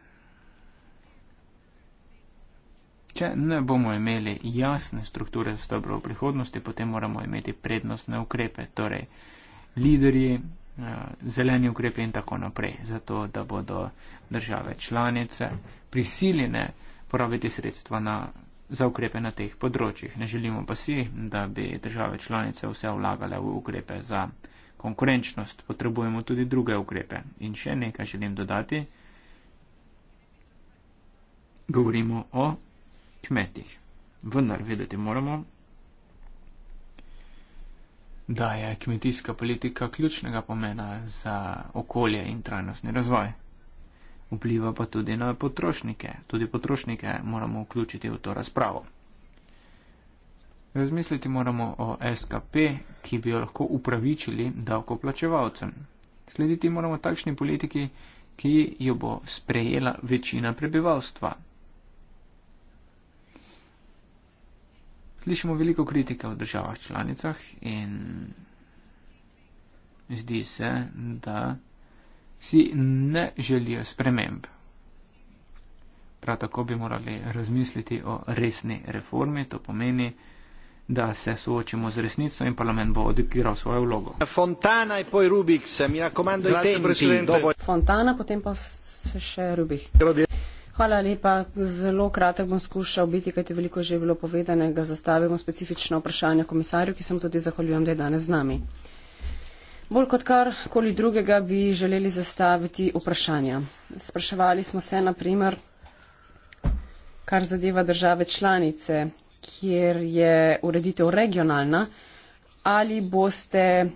Če ne bomo imeli jasne strukture za dobro v prihodnosti, potem moramo imeti prednostne ukrepe, torej lideri, eh, zeleni ukrepi in tako naprej, zato da bodo države članice prisiljene porabiti sredstva na, za ukrepe na teh področjih. Ne želimo pa si, da bi države članice vse vlagale v ukrepe za konkurenčnost. Potrebujemo tudi druge ukrepe. In še nekaj želim dodati. Govorimo o kmetih. Vendar vedeti moramo, da je kmetijska politika ključnega pomena za okolje in trajnostni razvoj. Vpliva pa tudi na potrošnike. Tudi potrošnike moramo vključiti v to razpravo. Razmisliti moramo o SKP, ki bi jo lahko upravičili davkoplačevalcem. Slediti moramo takšni politiki, ki jo bo sprejela večina prebivalstva. Slišimo veliko kritike v državah članicah in zdi se, da si ne želijo sprememb. Prav tako bi morali razmisliti o resni reformi, to pomeni, da se soočimo z resnico in parlament bo odigral svojo vlogo. Fontana in e poj Rubik, se mi na komando in te in presidente. Fontana, potem pa se še Rubik. Hvala lepa. Zelo kratek bom skušal biti, kajti veliko že je bilo povedanega. Zastavimo specifično vprašanje komisarju, ki se mu tudi zahvaljujem, da je danes z nami. Bolj kot kar koli drugega bi želeli zastaviti vprašanja. Spraševali smo se, na primer, kar zadeva države članice, kjer je ureditev regionalna, ali boste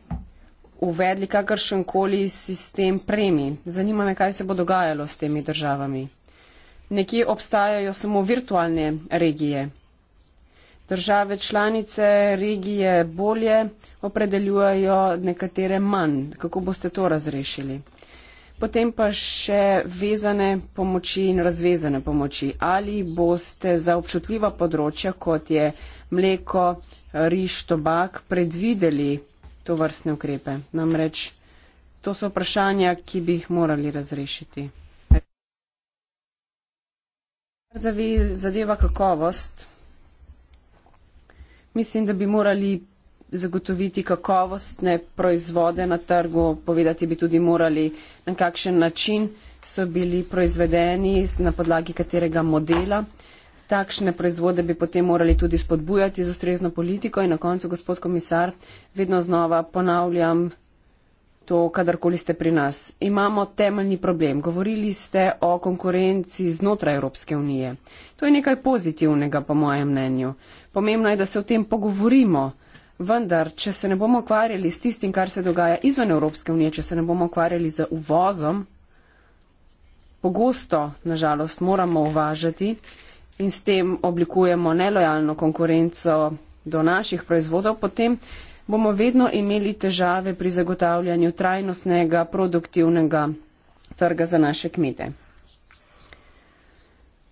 uvedli kakršen koli sistem premij. Zanima me, kaj se bo dogajalo s temi državami. Nekje obstajajo samo virtualne regije. Države članice regije bolje opredeljujejo, nekatere manj. Kako boste to razrešili? Potem pa še vezane pomoči in razvezane pomoči. Ali boste za občutljiva področja, kot je mleko, riž, tobak, predvideli to vrstne ukrepe? Namreč to so vprašanja, ki bi jih morali razrešiti zadeva kakovost. Mislim, da bi morali zagotoviti kakovostne proizvode na trgu, povedati bi tudi morali, na kakšen način so bili proizvedeni, na podlagi katerega modela. Takšne proizvode bi potem morali tudi spodbujati z ustrezno politiko in na koncu, gospod komisar, vedno znova ponavljam, to, kadarkoli ste pri nas. Imamo temeljni problem. Govorili ste o konkurenci znotraj Evropske unije. To je nekaj pozitivnega, po mojem mnenju. Pomembno je, da se o tem pogovorimo. Vendar, če se ne bomo ukvarjali s tistim, kar se dogaja izven Evropske unije, če se ne bomo ukvarjali z uvozom, pogosto, nažalost, moramo uvažati in s tem oblikujemo nelojalno konkurenco do naših proizvodov, potem bomo vedno imeli težave pri zagotavljanju trajnostnega, produktivnega trga za naše kmete.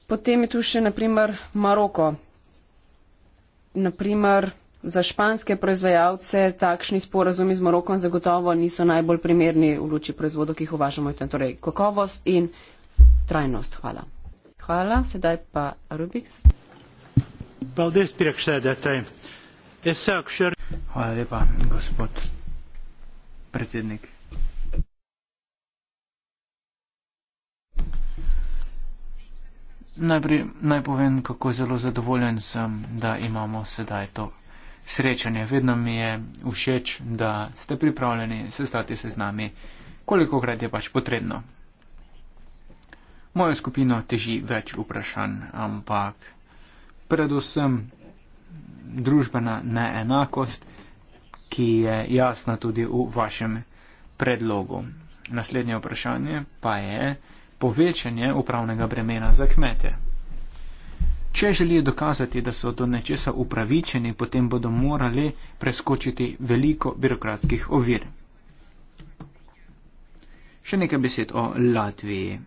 Potem je tu še naprimer Maroko. Naprimer, za španske proizvajalce takšni sporazumi z Marokom zagotovo niso najbolj primerni v luči proizvodov, ki jih uvažamo. Torej, kakovost in trajnost. Hvala. Hvala, sedaj pa Rubiks. Valdez, prijak sedete. Hvala lepa, gospod predsednik. Najprej naj povem, kako zelo zadovoljen sem, da imamo sedaj to srečanje. Vedno mi je všeč, da ste pripravljeni sestati se z nami, kolikokrat je pač potrebno. Mojo skupino teži več vprašanj, ampak predvsem družbena neenakost, ki je jasna tudi v vašem predlogu. Naslednje vprašanje pa je povečanje upravnega bremena za kmete. Če želijo dokazati, da so do nečesa upravičeni, potem bodo morali preskočiti veliko birokratskih ovir. Še nekaj besed o Latviji.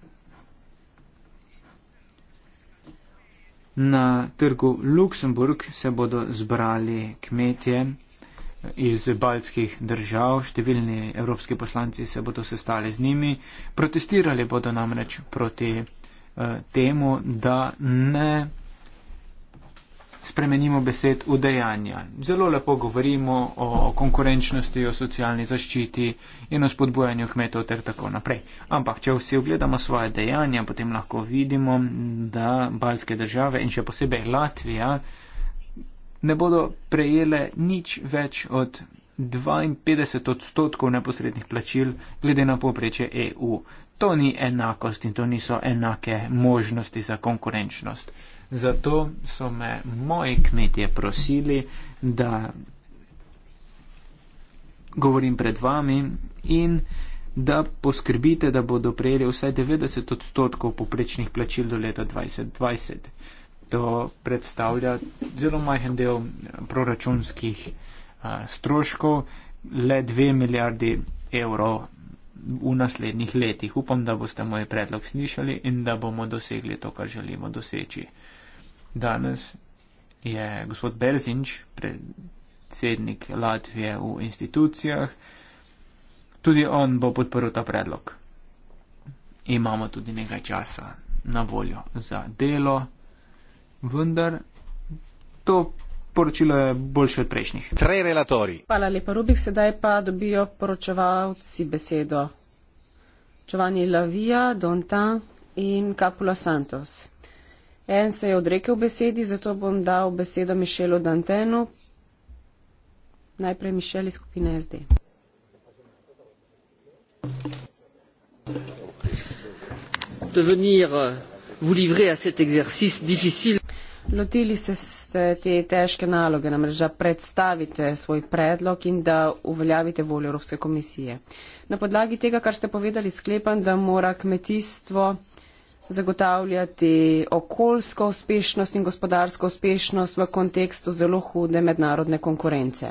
Na trgu Luksemburg se bodo zbrali kmetje iz baltskih držav, številni evropski poslanci se bodo sestali z njimi, protestirali bodo namreč proti eh, temu, da ne spremenimo besed v dejanja. Zelo lepo govorimo o konkurenčnosti, o socialni zaščiti in o spodbujanju kmetov ter tako naprej. Ampak, če vsi ogledamo svoje dejanja, potem lahko vidimo, da balske države in še posebej Latvija ne bodo prejele nič več od 52 odstotkov neposrednih plačil glede na poprečje EU. To ni enakost in to niso enake možnosti za konkurenčnost. Zato so me moji kmetje prosili, da govorim pred vami in da poskrbite, da bodo prejeli vsaj 90 odstotkov poprečnih plačil do leta 2020. To predstavlja zelo majhen del eh, proračunskih a, eh, stroškov, le 2 milijardi evrov v naslednjih letih. Upam, da boste moj predlog slišali in da bomo dosegli to, kar želimo doseči. Danes je gospod Berzinč, predsednik Latvije v institucijah, tudi on bo podporil ta predlog. Imamo tudi nekaj časa na voljo za delo, vendar to poročilo je boljše od prejšnjih. Trej relatori. Hvala lepa, Rubik. Sedaj pa dobijo poročevalci besedo. Čovani Lavija, Donta in Capula Santos. En se je odrekel besedi, zato bom dal besedo Mišelu Dantenu. Najprej Mišeli skupine SD. Devenir, euh, Lotili se ste te težke naloge, namreč da predstavite svoj predlog in da uveljavite voljo Evropske komisije. Na podlagi tega, kar ste povedali, sklepam, da mora kmetijstvo zagotavljati okoljsko uspešnost in gospodarsko uspešnost v kontekstu zelo hude mednarodne konkurence.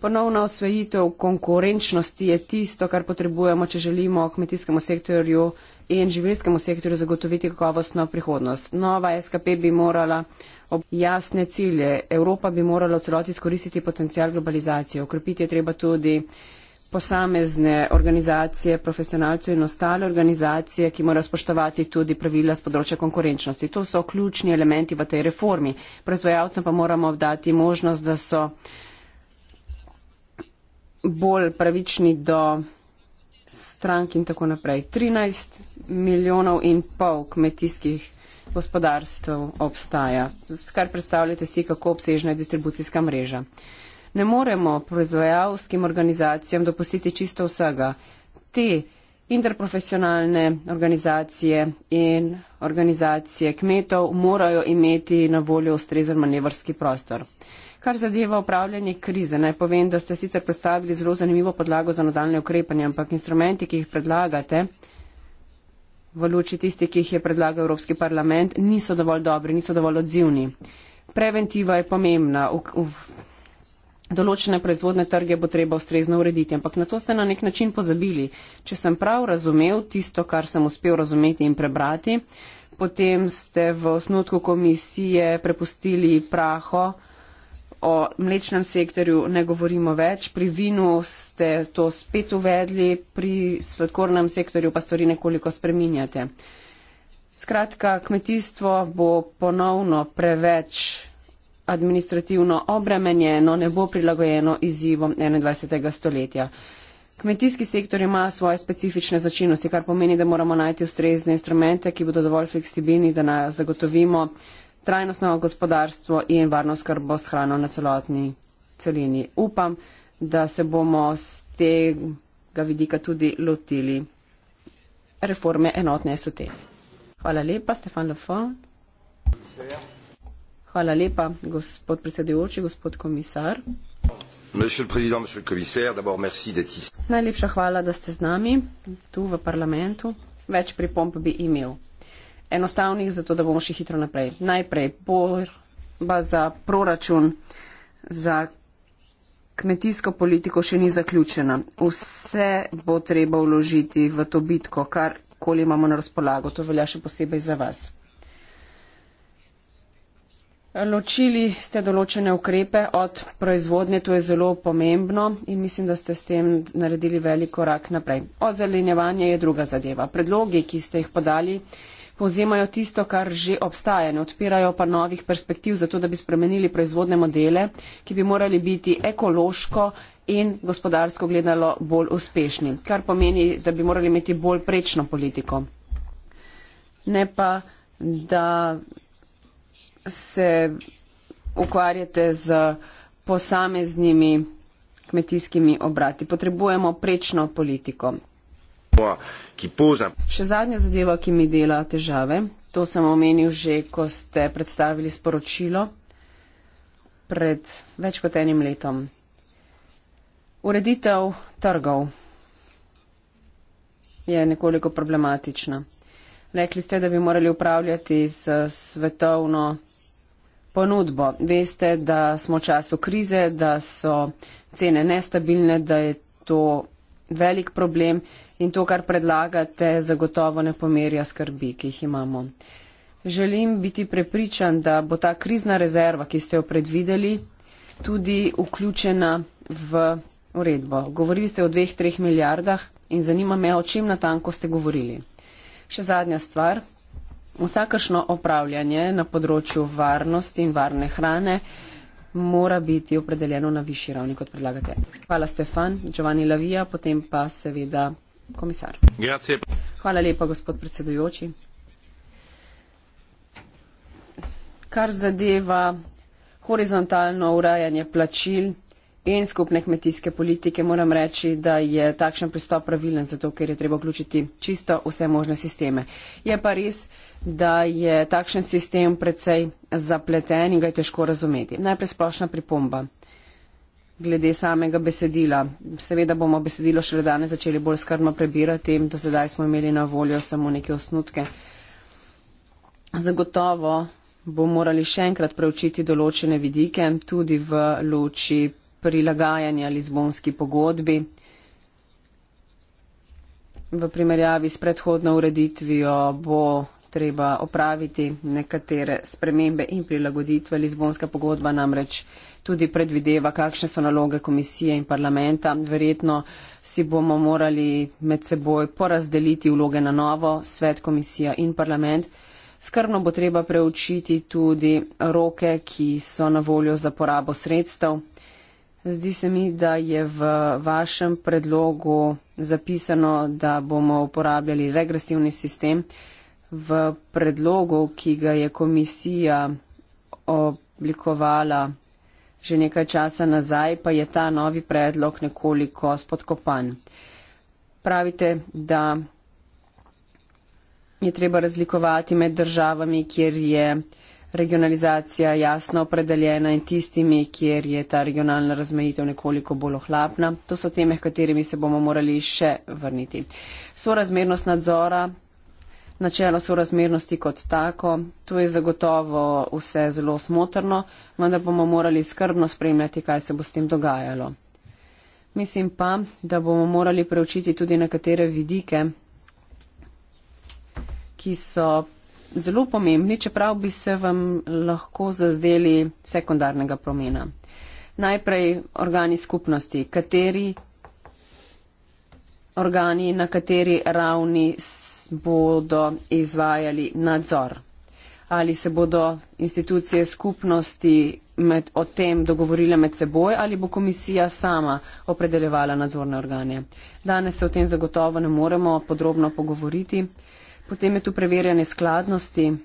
Ponovna osvojitev konkurenčnosti je tisto, kar potrebujemo, če želimo kmetijskemu sektorju in živilskemu sektorju zagotoviti kakovostno prihodnost. Nova SKP bi morala ob jasne cilje, Evropa bi morala v celoti izkoristiti potencial globalizacije, okrepiti je treba tudi posamezne organizacije, profesionalcev in ostale organizacije, ki morajo spoštovati tudi pravila z področja konkurenčnosti. To so ključni elementi v tej reformi. Proizvajalcem pa moramo dati možnost, da so bolj pravični do strank in tako naprej. 13 milijonov in pol kmetijskih gospodarstv obstaja. Kar predstavljate si, kako obsežna je distribucijska mreža ne moremo proizvajalskim organizacijam dopustiti čisto vsega. Te interprofesionalne organizacije in organizacije kmetov morajo imeti na voljo ustrezen manevrski prostor. Kar zadeva upravljanje krize, naj povem, da ste sicer predstavili zelo zanimivo podlago za nadaljne ukrepanje, ampak instrumenti, ki jih predlagate, v luči tistih, ki jih je predlagal Evropski parlament, niso dovolj dobri, niso dovolj odzivni. Preventiva je pomembna. V, v, določene proizvodne trge bo treba ustrezno urediti. Ampak na to ste na nek način pozabili. Če sem prav razumel tisto, kar sem uspel razumeti in prebrati, potem ste v osnutku komisije prepustili praho. O mlečnem sektorju ne govorimo več, pri vinu ste to spet uvedli, pri sladkornem sektorju pa stvari nekoliko spreminjate. Skratka, kmetijstvo bo ponovno preveč administrativno obremenjeno, ne bo prilagojeno izzivom 21. stoletja. Kmetijski sektor ima svoje specifične začinnosti, kar pomeni, da moramo najti ustrezne instrumente, ki bodo dovolj fleksibilni, da nas zagotovimo trajnostno gospodarstvo in varno skrbo s hrano na celotni celini. Upam, da se bomo z tega vidika tudi lotili reforme enotne SOT. Hvala lepa, Stefan Lefon. Yeah. Hvala lepa, gospod predsedujoči, gospod komisar. Monsieur le Président, Monsieur le Commissaire, d'abord merci d'être ici. Najlepša hvala, da ste z nami tu v parlamentu. Več pripomb bi imel. Enostavnih, zato da bomo še hitro naprej. Najprej borba za proračun za kmetijsko politiko še ni zaključena. Vse bo treba vložiti v to bitko, kar koli imamo na razpolago. To velja še posebej za vas. Ločili ste določene ukrepe od proizvodnje, to je zelo pomembno in mislim, da ste s tem naredili velik korak naprej. Ozelenjevanje je druga zadeva. Predlogi, ki ste jih podali, povzemajo tisto, kar že obstaja, ne odpirajo pa novih perspektiv za to, da bi spremenili proizvodne modele, ki bi morali biti ekološko in gospodarsko gledalo bolj uspešni, kar pomeni, da bi morali imeti bolj prečno politiko. Ne pa, da se ukvarjate z posameznimi kmetijskimi obrati. Potrebujemo prečno politiko. Še zadnja zadeva, ki mi dela težave, to sem omenil že, ko ste predstavili sporočilo pred več kot enim letom. Ureditev trgov je nekoliko problematična. Rekli ste, da bi morali upravljati s svetovno ponudbo. Veste, da smo v času krize, da so cene nestabilne, da je to velik problem in to, kar predlagate, zagotovo ne pomerja skrbi, ki jih imamo. Želim biti prepričan, da bo ta krizna rezerva, ki ste jo predvideli, tudi vključena v uredbo. Govorili ste o dveh, treh milijardah in zanima me, o čem natanko ste govorili. Še zadnja stvar. Vsakršno opravljanje na področju varnosti in varne hrane mora biti opredeljeno na višji ravni, kot predlagate. Hvala Stefan, Giovanni Lavija, potem pa seveda komisar. Grazie. Hvala lepa, gospod predsedujoči. Kar zadeva horizontalno urajanje plačil, in skupne kmetijske politike, moram reči, da je takšen pristop pravilen, zato ker je treba vključiti čisto vse možne sisteme. Je pa res, da je takšen sistem predvsej zapleten in ga je težko razumeti. Najprej splošna pripomba. Glede samega besedila. Seveda bomo besedilo šele danes začeli bolj skrbno prebirati in do sedaj smo imeli na voljo samo neke osnutke. Zagotovo bomo morali še enkrat preučiti določene vidike, tudi v luči prilagajanja Lizbonski pogodbi. V primerjavi s predhodno ureditvijo bo treba opraviti nekatere spremembe in prilagoditve. Lizbonska pogodba namreč tudi predvideva, kakšne so naloge komisije in parlamenta. Verjetno si bomo morali med seboj porazdeliti vloge na novo, svet, komisija in parlament. Skrbno bo treba preučiti tudi roke, ki so na voljo za porabo sredstev. Zdi se mi, da je v vašem predlogu zapisano, da bomo uporabljali regresivni sistem. V predlogu, ki ga je komisija oblikovala že nekaj časa nazaj, pa je ta novi predlog nekoliko spodkopan. Pravite, da je treba razlikovati med državami, kjer je regionalizacija jasno opredeljena in tistimi, kjer je ta regionalna razmejitev nekoliko bolj ohlapna. To so teme, katerimi se bomo morali še vrniti. Sorazmernost nadzora, načelo sorazmernosti kot tako, tu je zagotovo vse zelo smotrno, vendar bomo morali skrbno spremljati, kaj se bo s tem dogajalo. Mislim pa, da bomo morali preučiti tudi nekatere vidike, ki so zelo pomembni, čeprav bi se vam lahko zazdeli sekundarnega promena. Najprej organi skupnosti, kateri organi, na kateri ravni bodo izvajali nadzor. Ali se bodo institucije skupnosti med, o tem dogovorile med seboj ali bo komisija sama opredeljevala nadzorne organe. Danes se o tem zagotovo ne moremo podrobno pogovoriti. Potem je tu preverjanje skladnosti.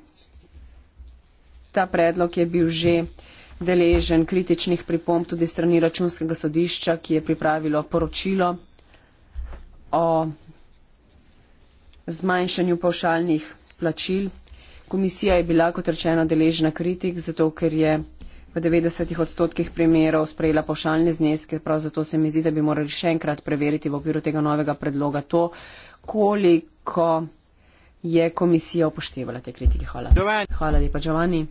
Ta predlog je bil že deležen kritičnih pripomb tudi strani računskega sodišča, ki je pripravilo poročilo o zmanjšanju pavšalnih plačil. Komisija je bila, kot rečeno, deležna kritik, zato ker je v 90 odstotkih primerov sprejela pavšalne zneske. Prav zato se mi zdi, da bi morali še enkrat preveriti v okviru tega novega predloga to, koliko je komisija upoštevala te kritike. Hvala. Hvala lepa, Giovanni.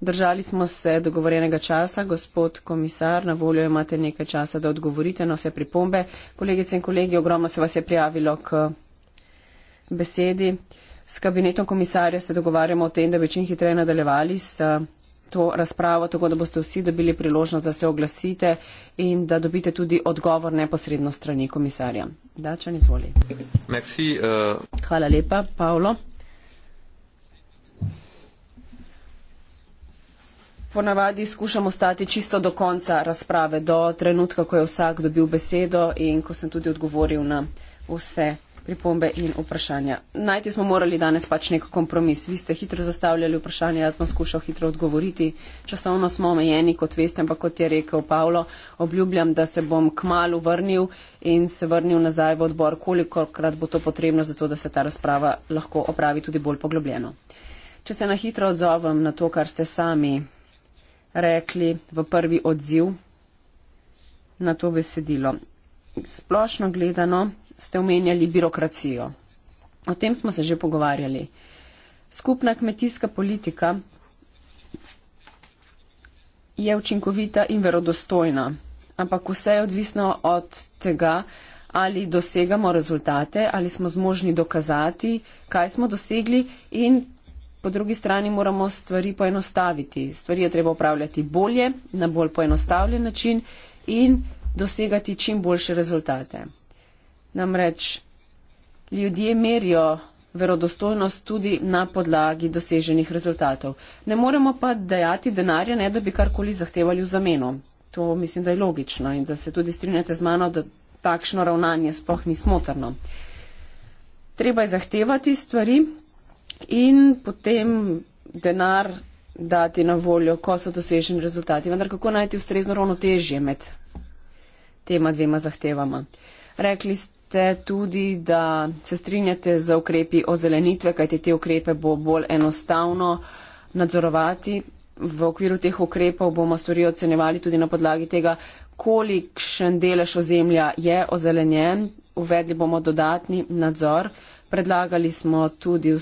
Držali smo se dogovorjenega časa. Gospod komisar, na voljo imate nekaj časa, da odgovorite na vse pripombe. Kolegice in kolegi, ogromno se vas je prijavilo k besedi. S kabinetom komisarja se dogovarjamo o tem, da bi čim hitreje nadaljevali s to razpravo, tako da boste vsi dobili priložnost, da se oglasite in da dobite tudi odgovor neposredno strani komisarja. Dačan, izvoli. Merci, uh... Hvala lepa, Paolo. Ponavadi skušamo stati čisto do konca razprave, do trenutka, ko je vsak dobil besedo in ko sem tudi odgovoril na vse pripombe in vprašanja. Najti smo morali danes pač nek kompromis. Vi ste hitro zastavljali vprašanje, jaz bom skušal hitro odgovoriti. Časovno smo omejeni, kot veste, ampak kot je rekel Pavlo, obljubljam, da se bom k malu vrnil in se vrnil nazaj v odbor, kolikokrat bo to potrebno, zato da se ta razprava lahko opravi tudi bolj poglobljeno. Če se na hitro odzovem na to, kar ste sami rekli v prvi odziv na to besedilo. Splošno gledano, ste omenjali birokracijo. O tem smo se že pogovarjali. Skupna kmetijska politika je učinkovita in verodostojna, ampak vse je odvisno od tega, ali dosegamo rezultate, ali smo zmožni dokazati, kaj smo dosegli in po drugi strani moramo stvari poenostaviti. Stvari je treba upravljati bolje, na bolj poenostavljen način in dosegati čim boljše rezultate. Namreč ljudje merijo verodostojnost tudi na podlagi doseženih rezultatov. Ne moremo pa dajati denarja, ne da bi karkoli zahtevali v zameno. To mislim, da je logično in da se tudi strinjate z mano, da takšno ravnanje sploh ni smotrno. Treba je zahtevati stvari in potem denar dati na voljo, ko so doseženi rezultati. Vendar kako najti ustrezno ravnotežje med tema dvema zahtevama? Rekli ste, Te tudi, da se strinjate za ukrepi ozelenitve, kajte te ukrepe bo bolj enostavno nadzorovati. V okviru teh ukrepov bomo stvari ocenjevali tudi na podlagi tega, kolikšen delež ozemlja je ozelenjen. Uvedli bomo dodatni nadzor. Predlagali smo tudi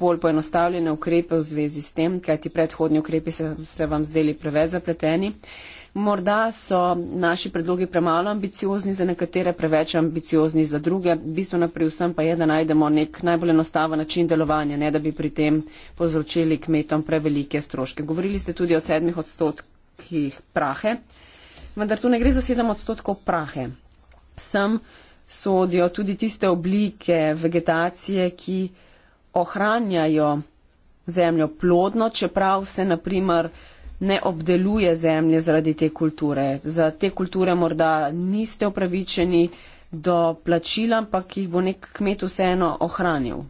bolj poenostavljene ukrepe v zvezi s tem, kajti predhodni ukrepi so se, se vam zdeli preveč zapleteni. Uh, Morda so naši predlogi premalo ambiciozni za nekatere, preveč ambiciozni za druge. Bistveno pri vsem pa je, da najdemo nek najbolj enostaven način delovanja, ne da bi pri tem povzročili kmetom prevelike stroške. Govorili ste tudi o sedmih odstotkih prahe, vendar tu ne gre za sedem odstotkov prahe. Sem sodijo tudi tiste oblike vegetacije, ki ohranjajo zemljo plodno, čeprav se naprimer ne obdeluje zemlje zaradi te kulture. Za te kulture morda niste upravičeni do plačila, ampak jih bo nek kmet vseeno ohranil.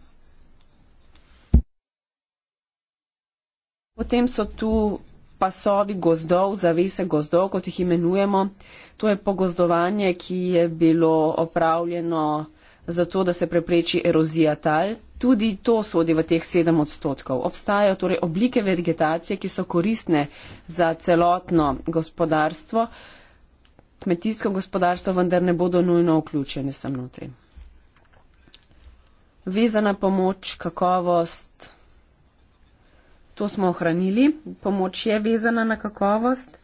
Potem so tu pasovi gozdov, zavese gozdov, kot jih imenujemo. To je pogozdovanje, ki je bilo opravljeno zato da se prepreči erozija tal. Tudi to sodi v teh sedem odstotkov. Obstajajo torej oblike vegetacije, ki so koristne za celotno gospodarstvo. Kmetijsko gospodarstvo vendar ne bodo nujno vključene sem notri. Vezana pomoč, kakovost, to smo ohranili. Pomoč je vezana na kakovost,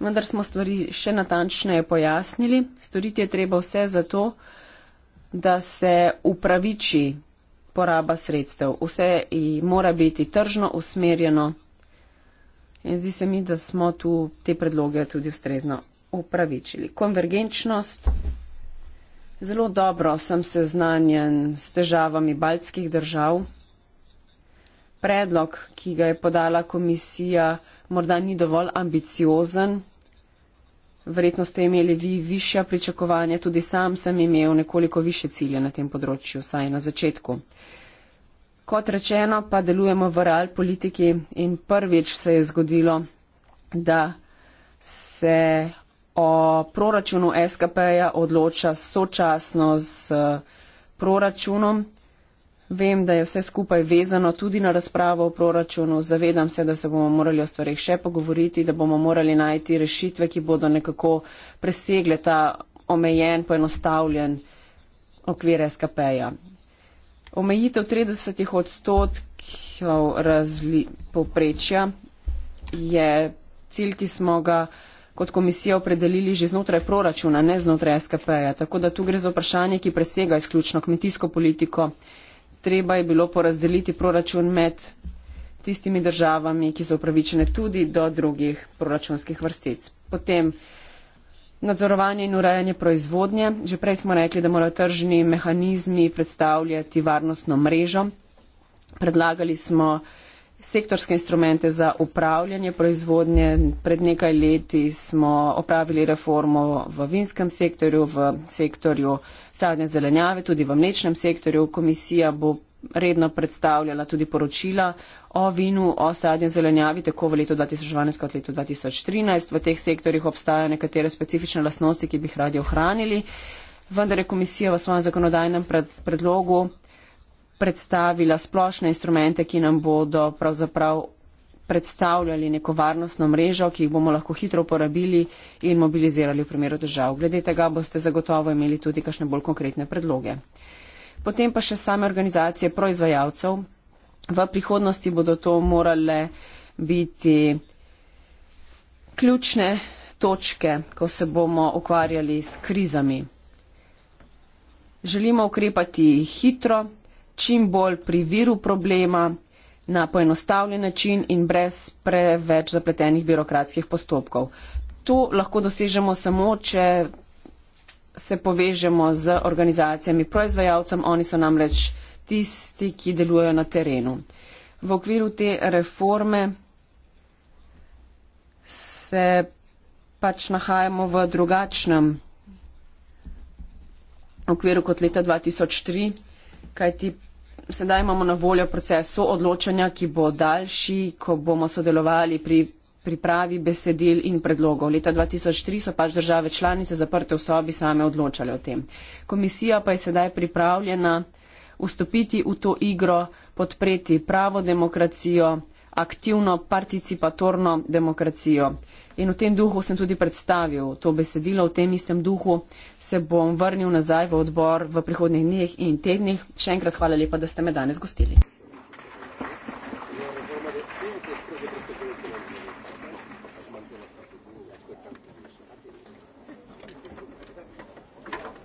vendar smo stvari še natančneje pojasnili. Storiti je treba vse za to, da da se upraviči poraba sredstev. Vse mora biti tržno usmerjeno. In zdi se mi, da smo tu te predloge tudi ustrezno upravičili. Konvergenčnost. Zelo dobro sem seznanjen s težavami baltskih držav. Predlog, ki ga je podala komisija, morda ni dovolj ambiciozen. Verjetno ste imeli vi višja pričakovanja, tudi sam sem imel nekoliko više cilje na tem področju, saj na začetku. Kot rečeno, pa delujemo v real politiki in prvič se je zgodilo, da se o proračunu SKP-ja odloča sočasno z eh, proračunom. Vem, da je vse skupaj vezano tudi na razpravo o proračunu. Zavedam se, da se bomo morali o stvarih še pogovoriti, da bomo morali najti rešitve, ki bodo nekako presegle ta omejen, poenostavljen okvir SKP-ja. Omejitev 30 odstotkov razli, poprečja je cilj, ki smo ga kot komisija opredelili že znotraj proračuna, ne znotraj SKP-ja. Tako da tu gre za vprašanje, ki presega izključno kmetijsko politiko treba je bilo porazdeliti proračun med tistimi državami, ki so upravičene tudi do drugih proračunskih vrstic. Potem nadzorovanje in urejanje proizvodnje. Že prej smo rekli, da morajo tržni mehanizmi predstavljati varnostno mrežo. Predlagali smo sektorske instrumente za upravljanje proizvodnje. Pred nekaj leti smo opravili reformo v vinskem sektorju, v sektorju sadne zelenjave, tudi v mlečnem sektorju. Komisija bo redno predstavljala tudi poročila o vinu, o sadnji zelenjavi, tako v letu 2012 kot v letu 2013. V teh sektorjih obstajajo nekatere specifične lastnosti, ki bi jih radi ohranili. Vendar je komisija v svojem zakonodajnem predlogu predstavila splošne instrumente, ki nam bodo pravzaprav predstavljali neko varnostno mrežo, ki jih bomo lahko hitro uporabili in mobilizirali v primeru držav. Glede tega boste zagotovo imeli tudi kakšne bolj konkretne predloge. Potem pa še same organizacije proizvajalcev. V prihodnosti bodo to morale biti ključne točke, ko se bomo ukvarjali s krizami. Želimo ukrepati hitro, čim bolj pri viru problema na poenostavljen način in brez preveč zapletenih birokratskih postopkov. To lahko dosežemo samo, če se povežemo z organizacijami proizvajalcem, oni so namreč tisti, ki delujejo na terenu. V okviru te reforme se pač nahajamo v drugačnem okviru kot leta 2003, kajti sedaj imamo na voljo proces soodločanja, ki bo daljši, ko bomo sodelovali pri pripravi besedil in predlogov. Leta 2003 so pač države članice zaprte v sobi same odločale o tem. Komisija pa je sedaj pripravljena vstopiti v to igro, podpreti pravo demokracijo, aktivno participatorno demokracijo. In v tem duhu sem tudi predstavil to besedilo, v tem istem duhu se bom vrnil nazaj v odbor v prihodnih dneh in tednih. Še enkrat hvala lepa, da ste me danes gostili.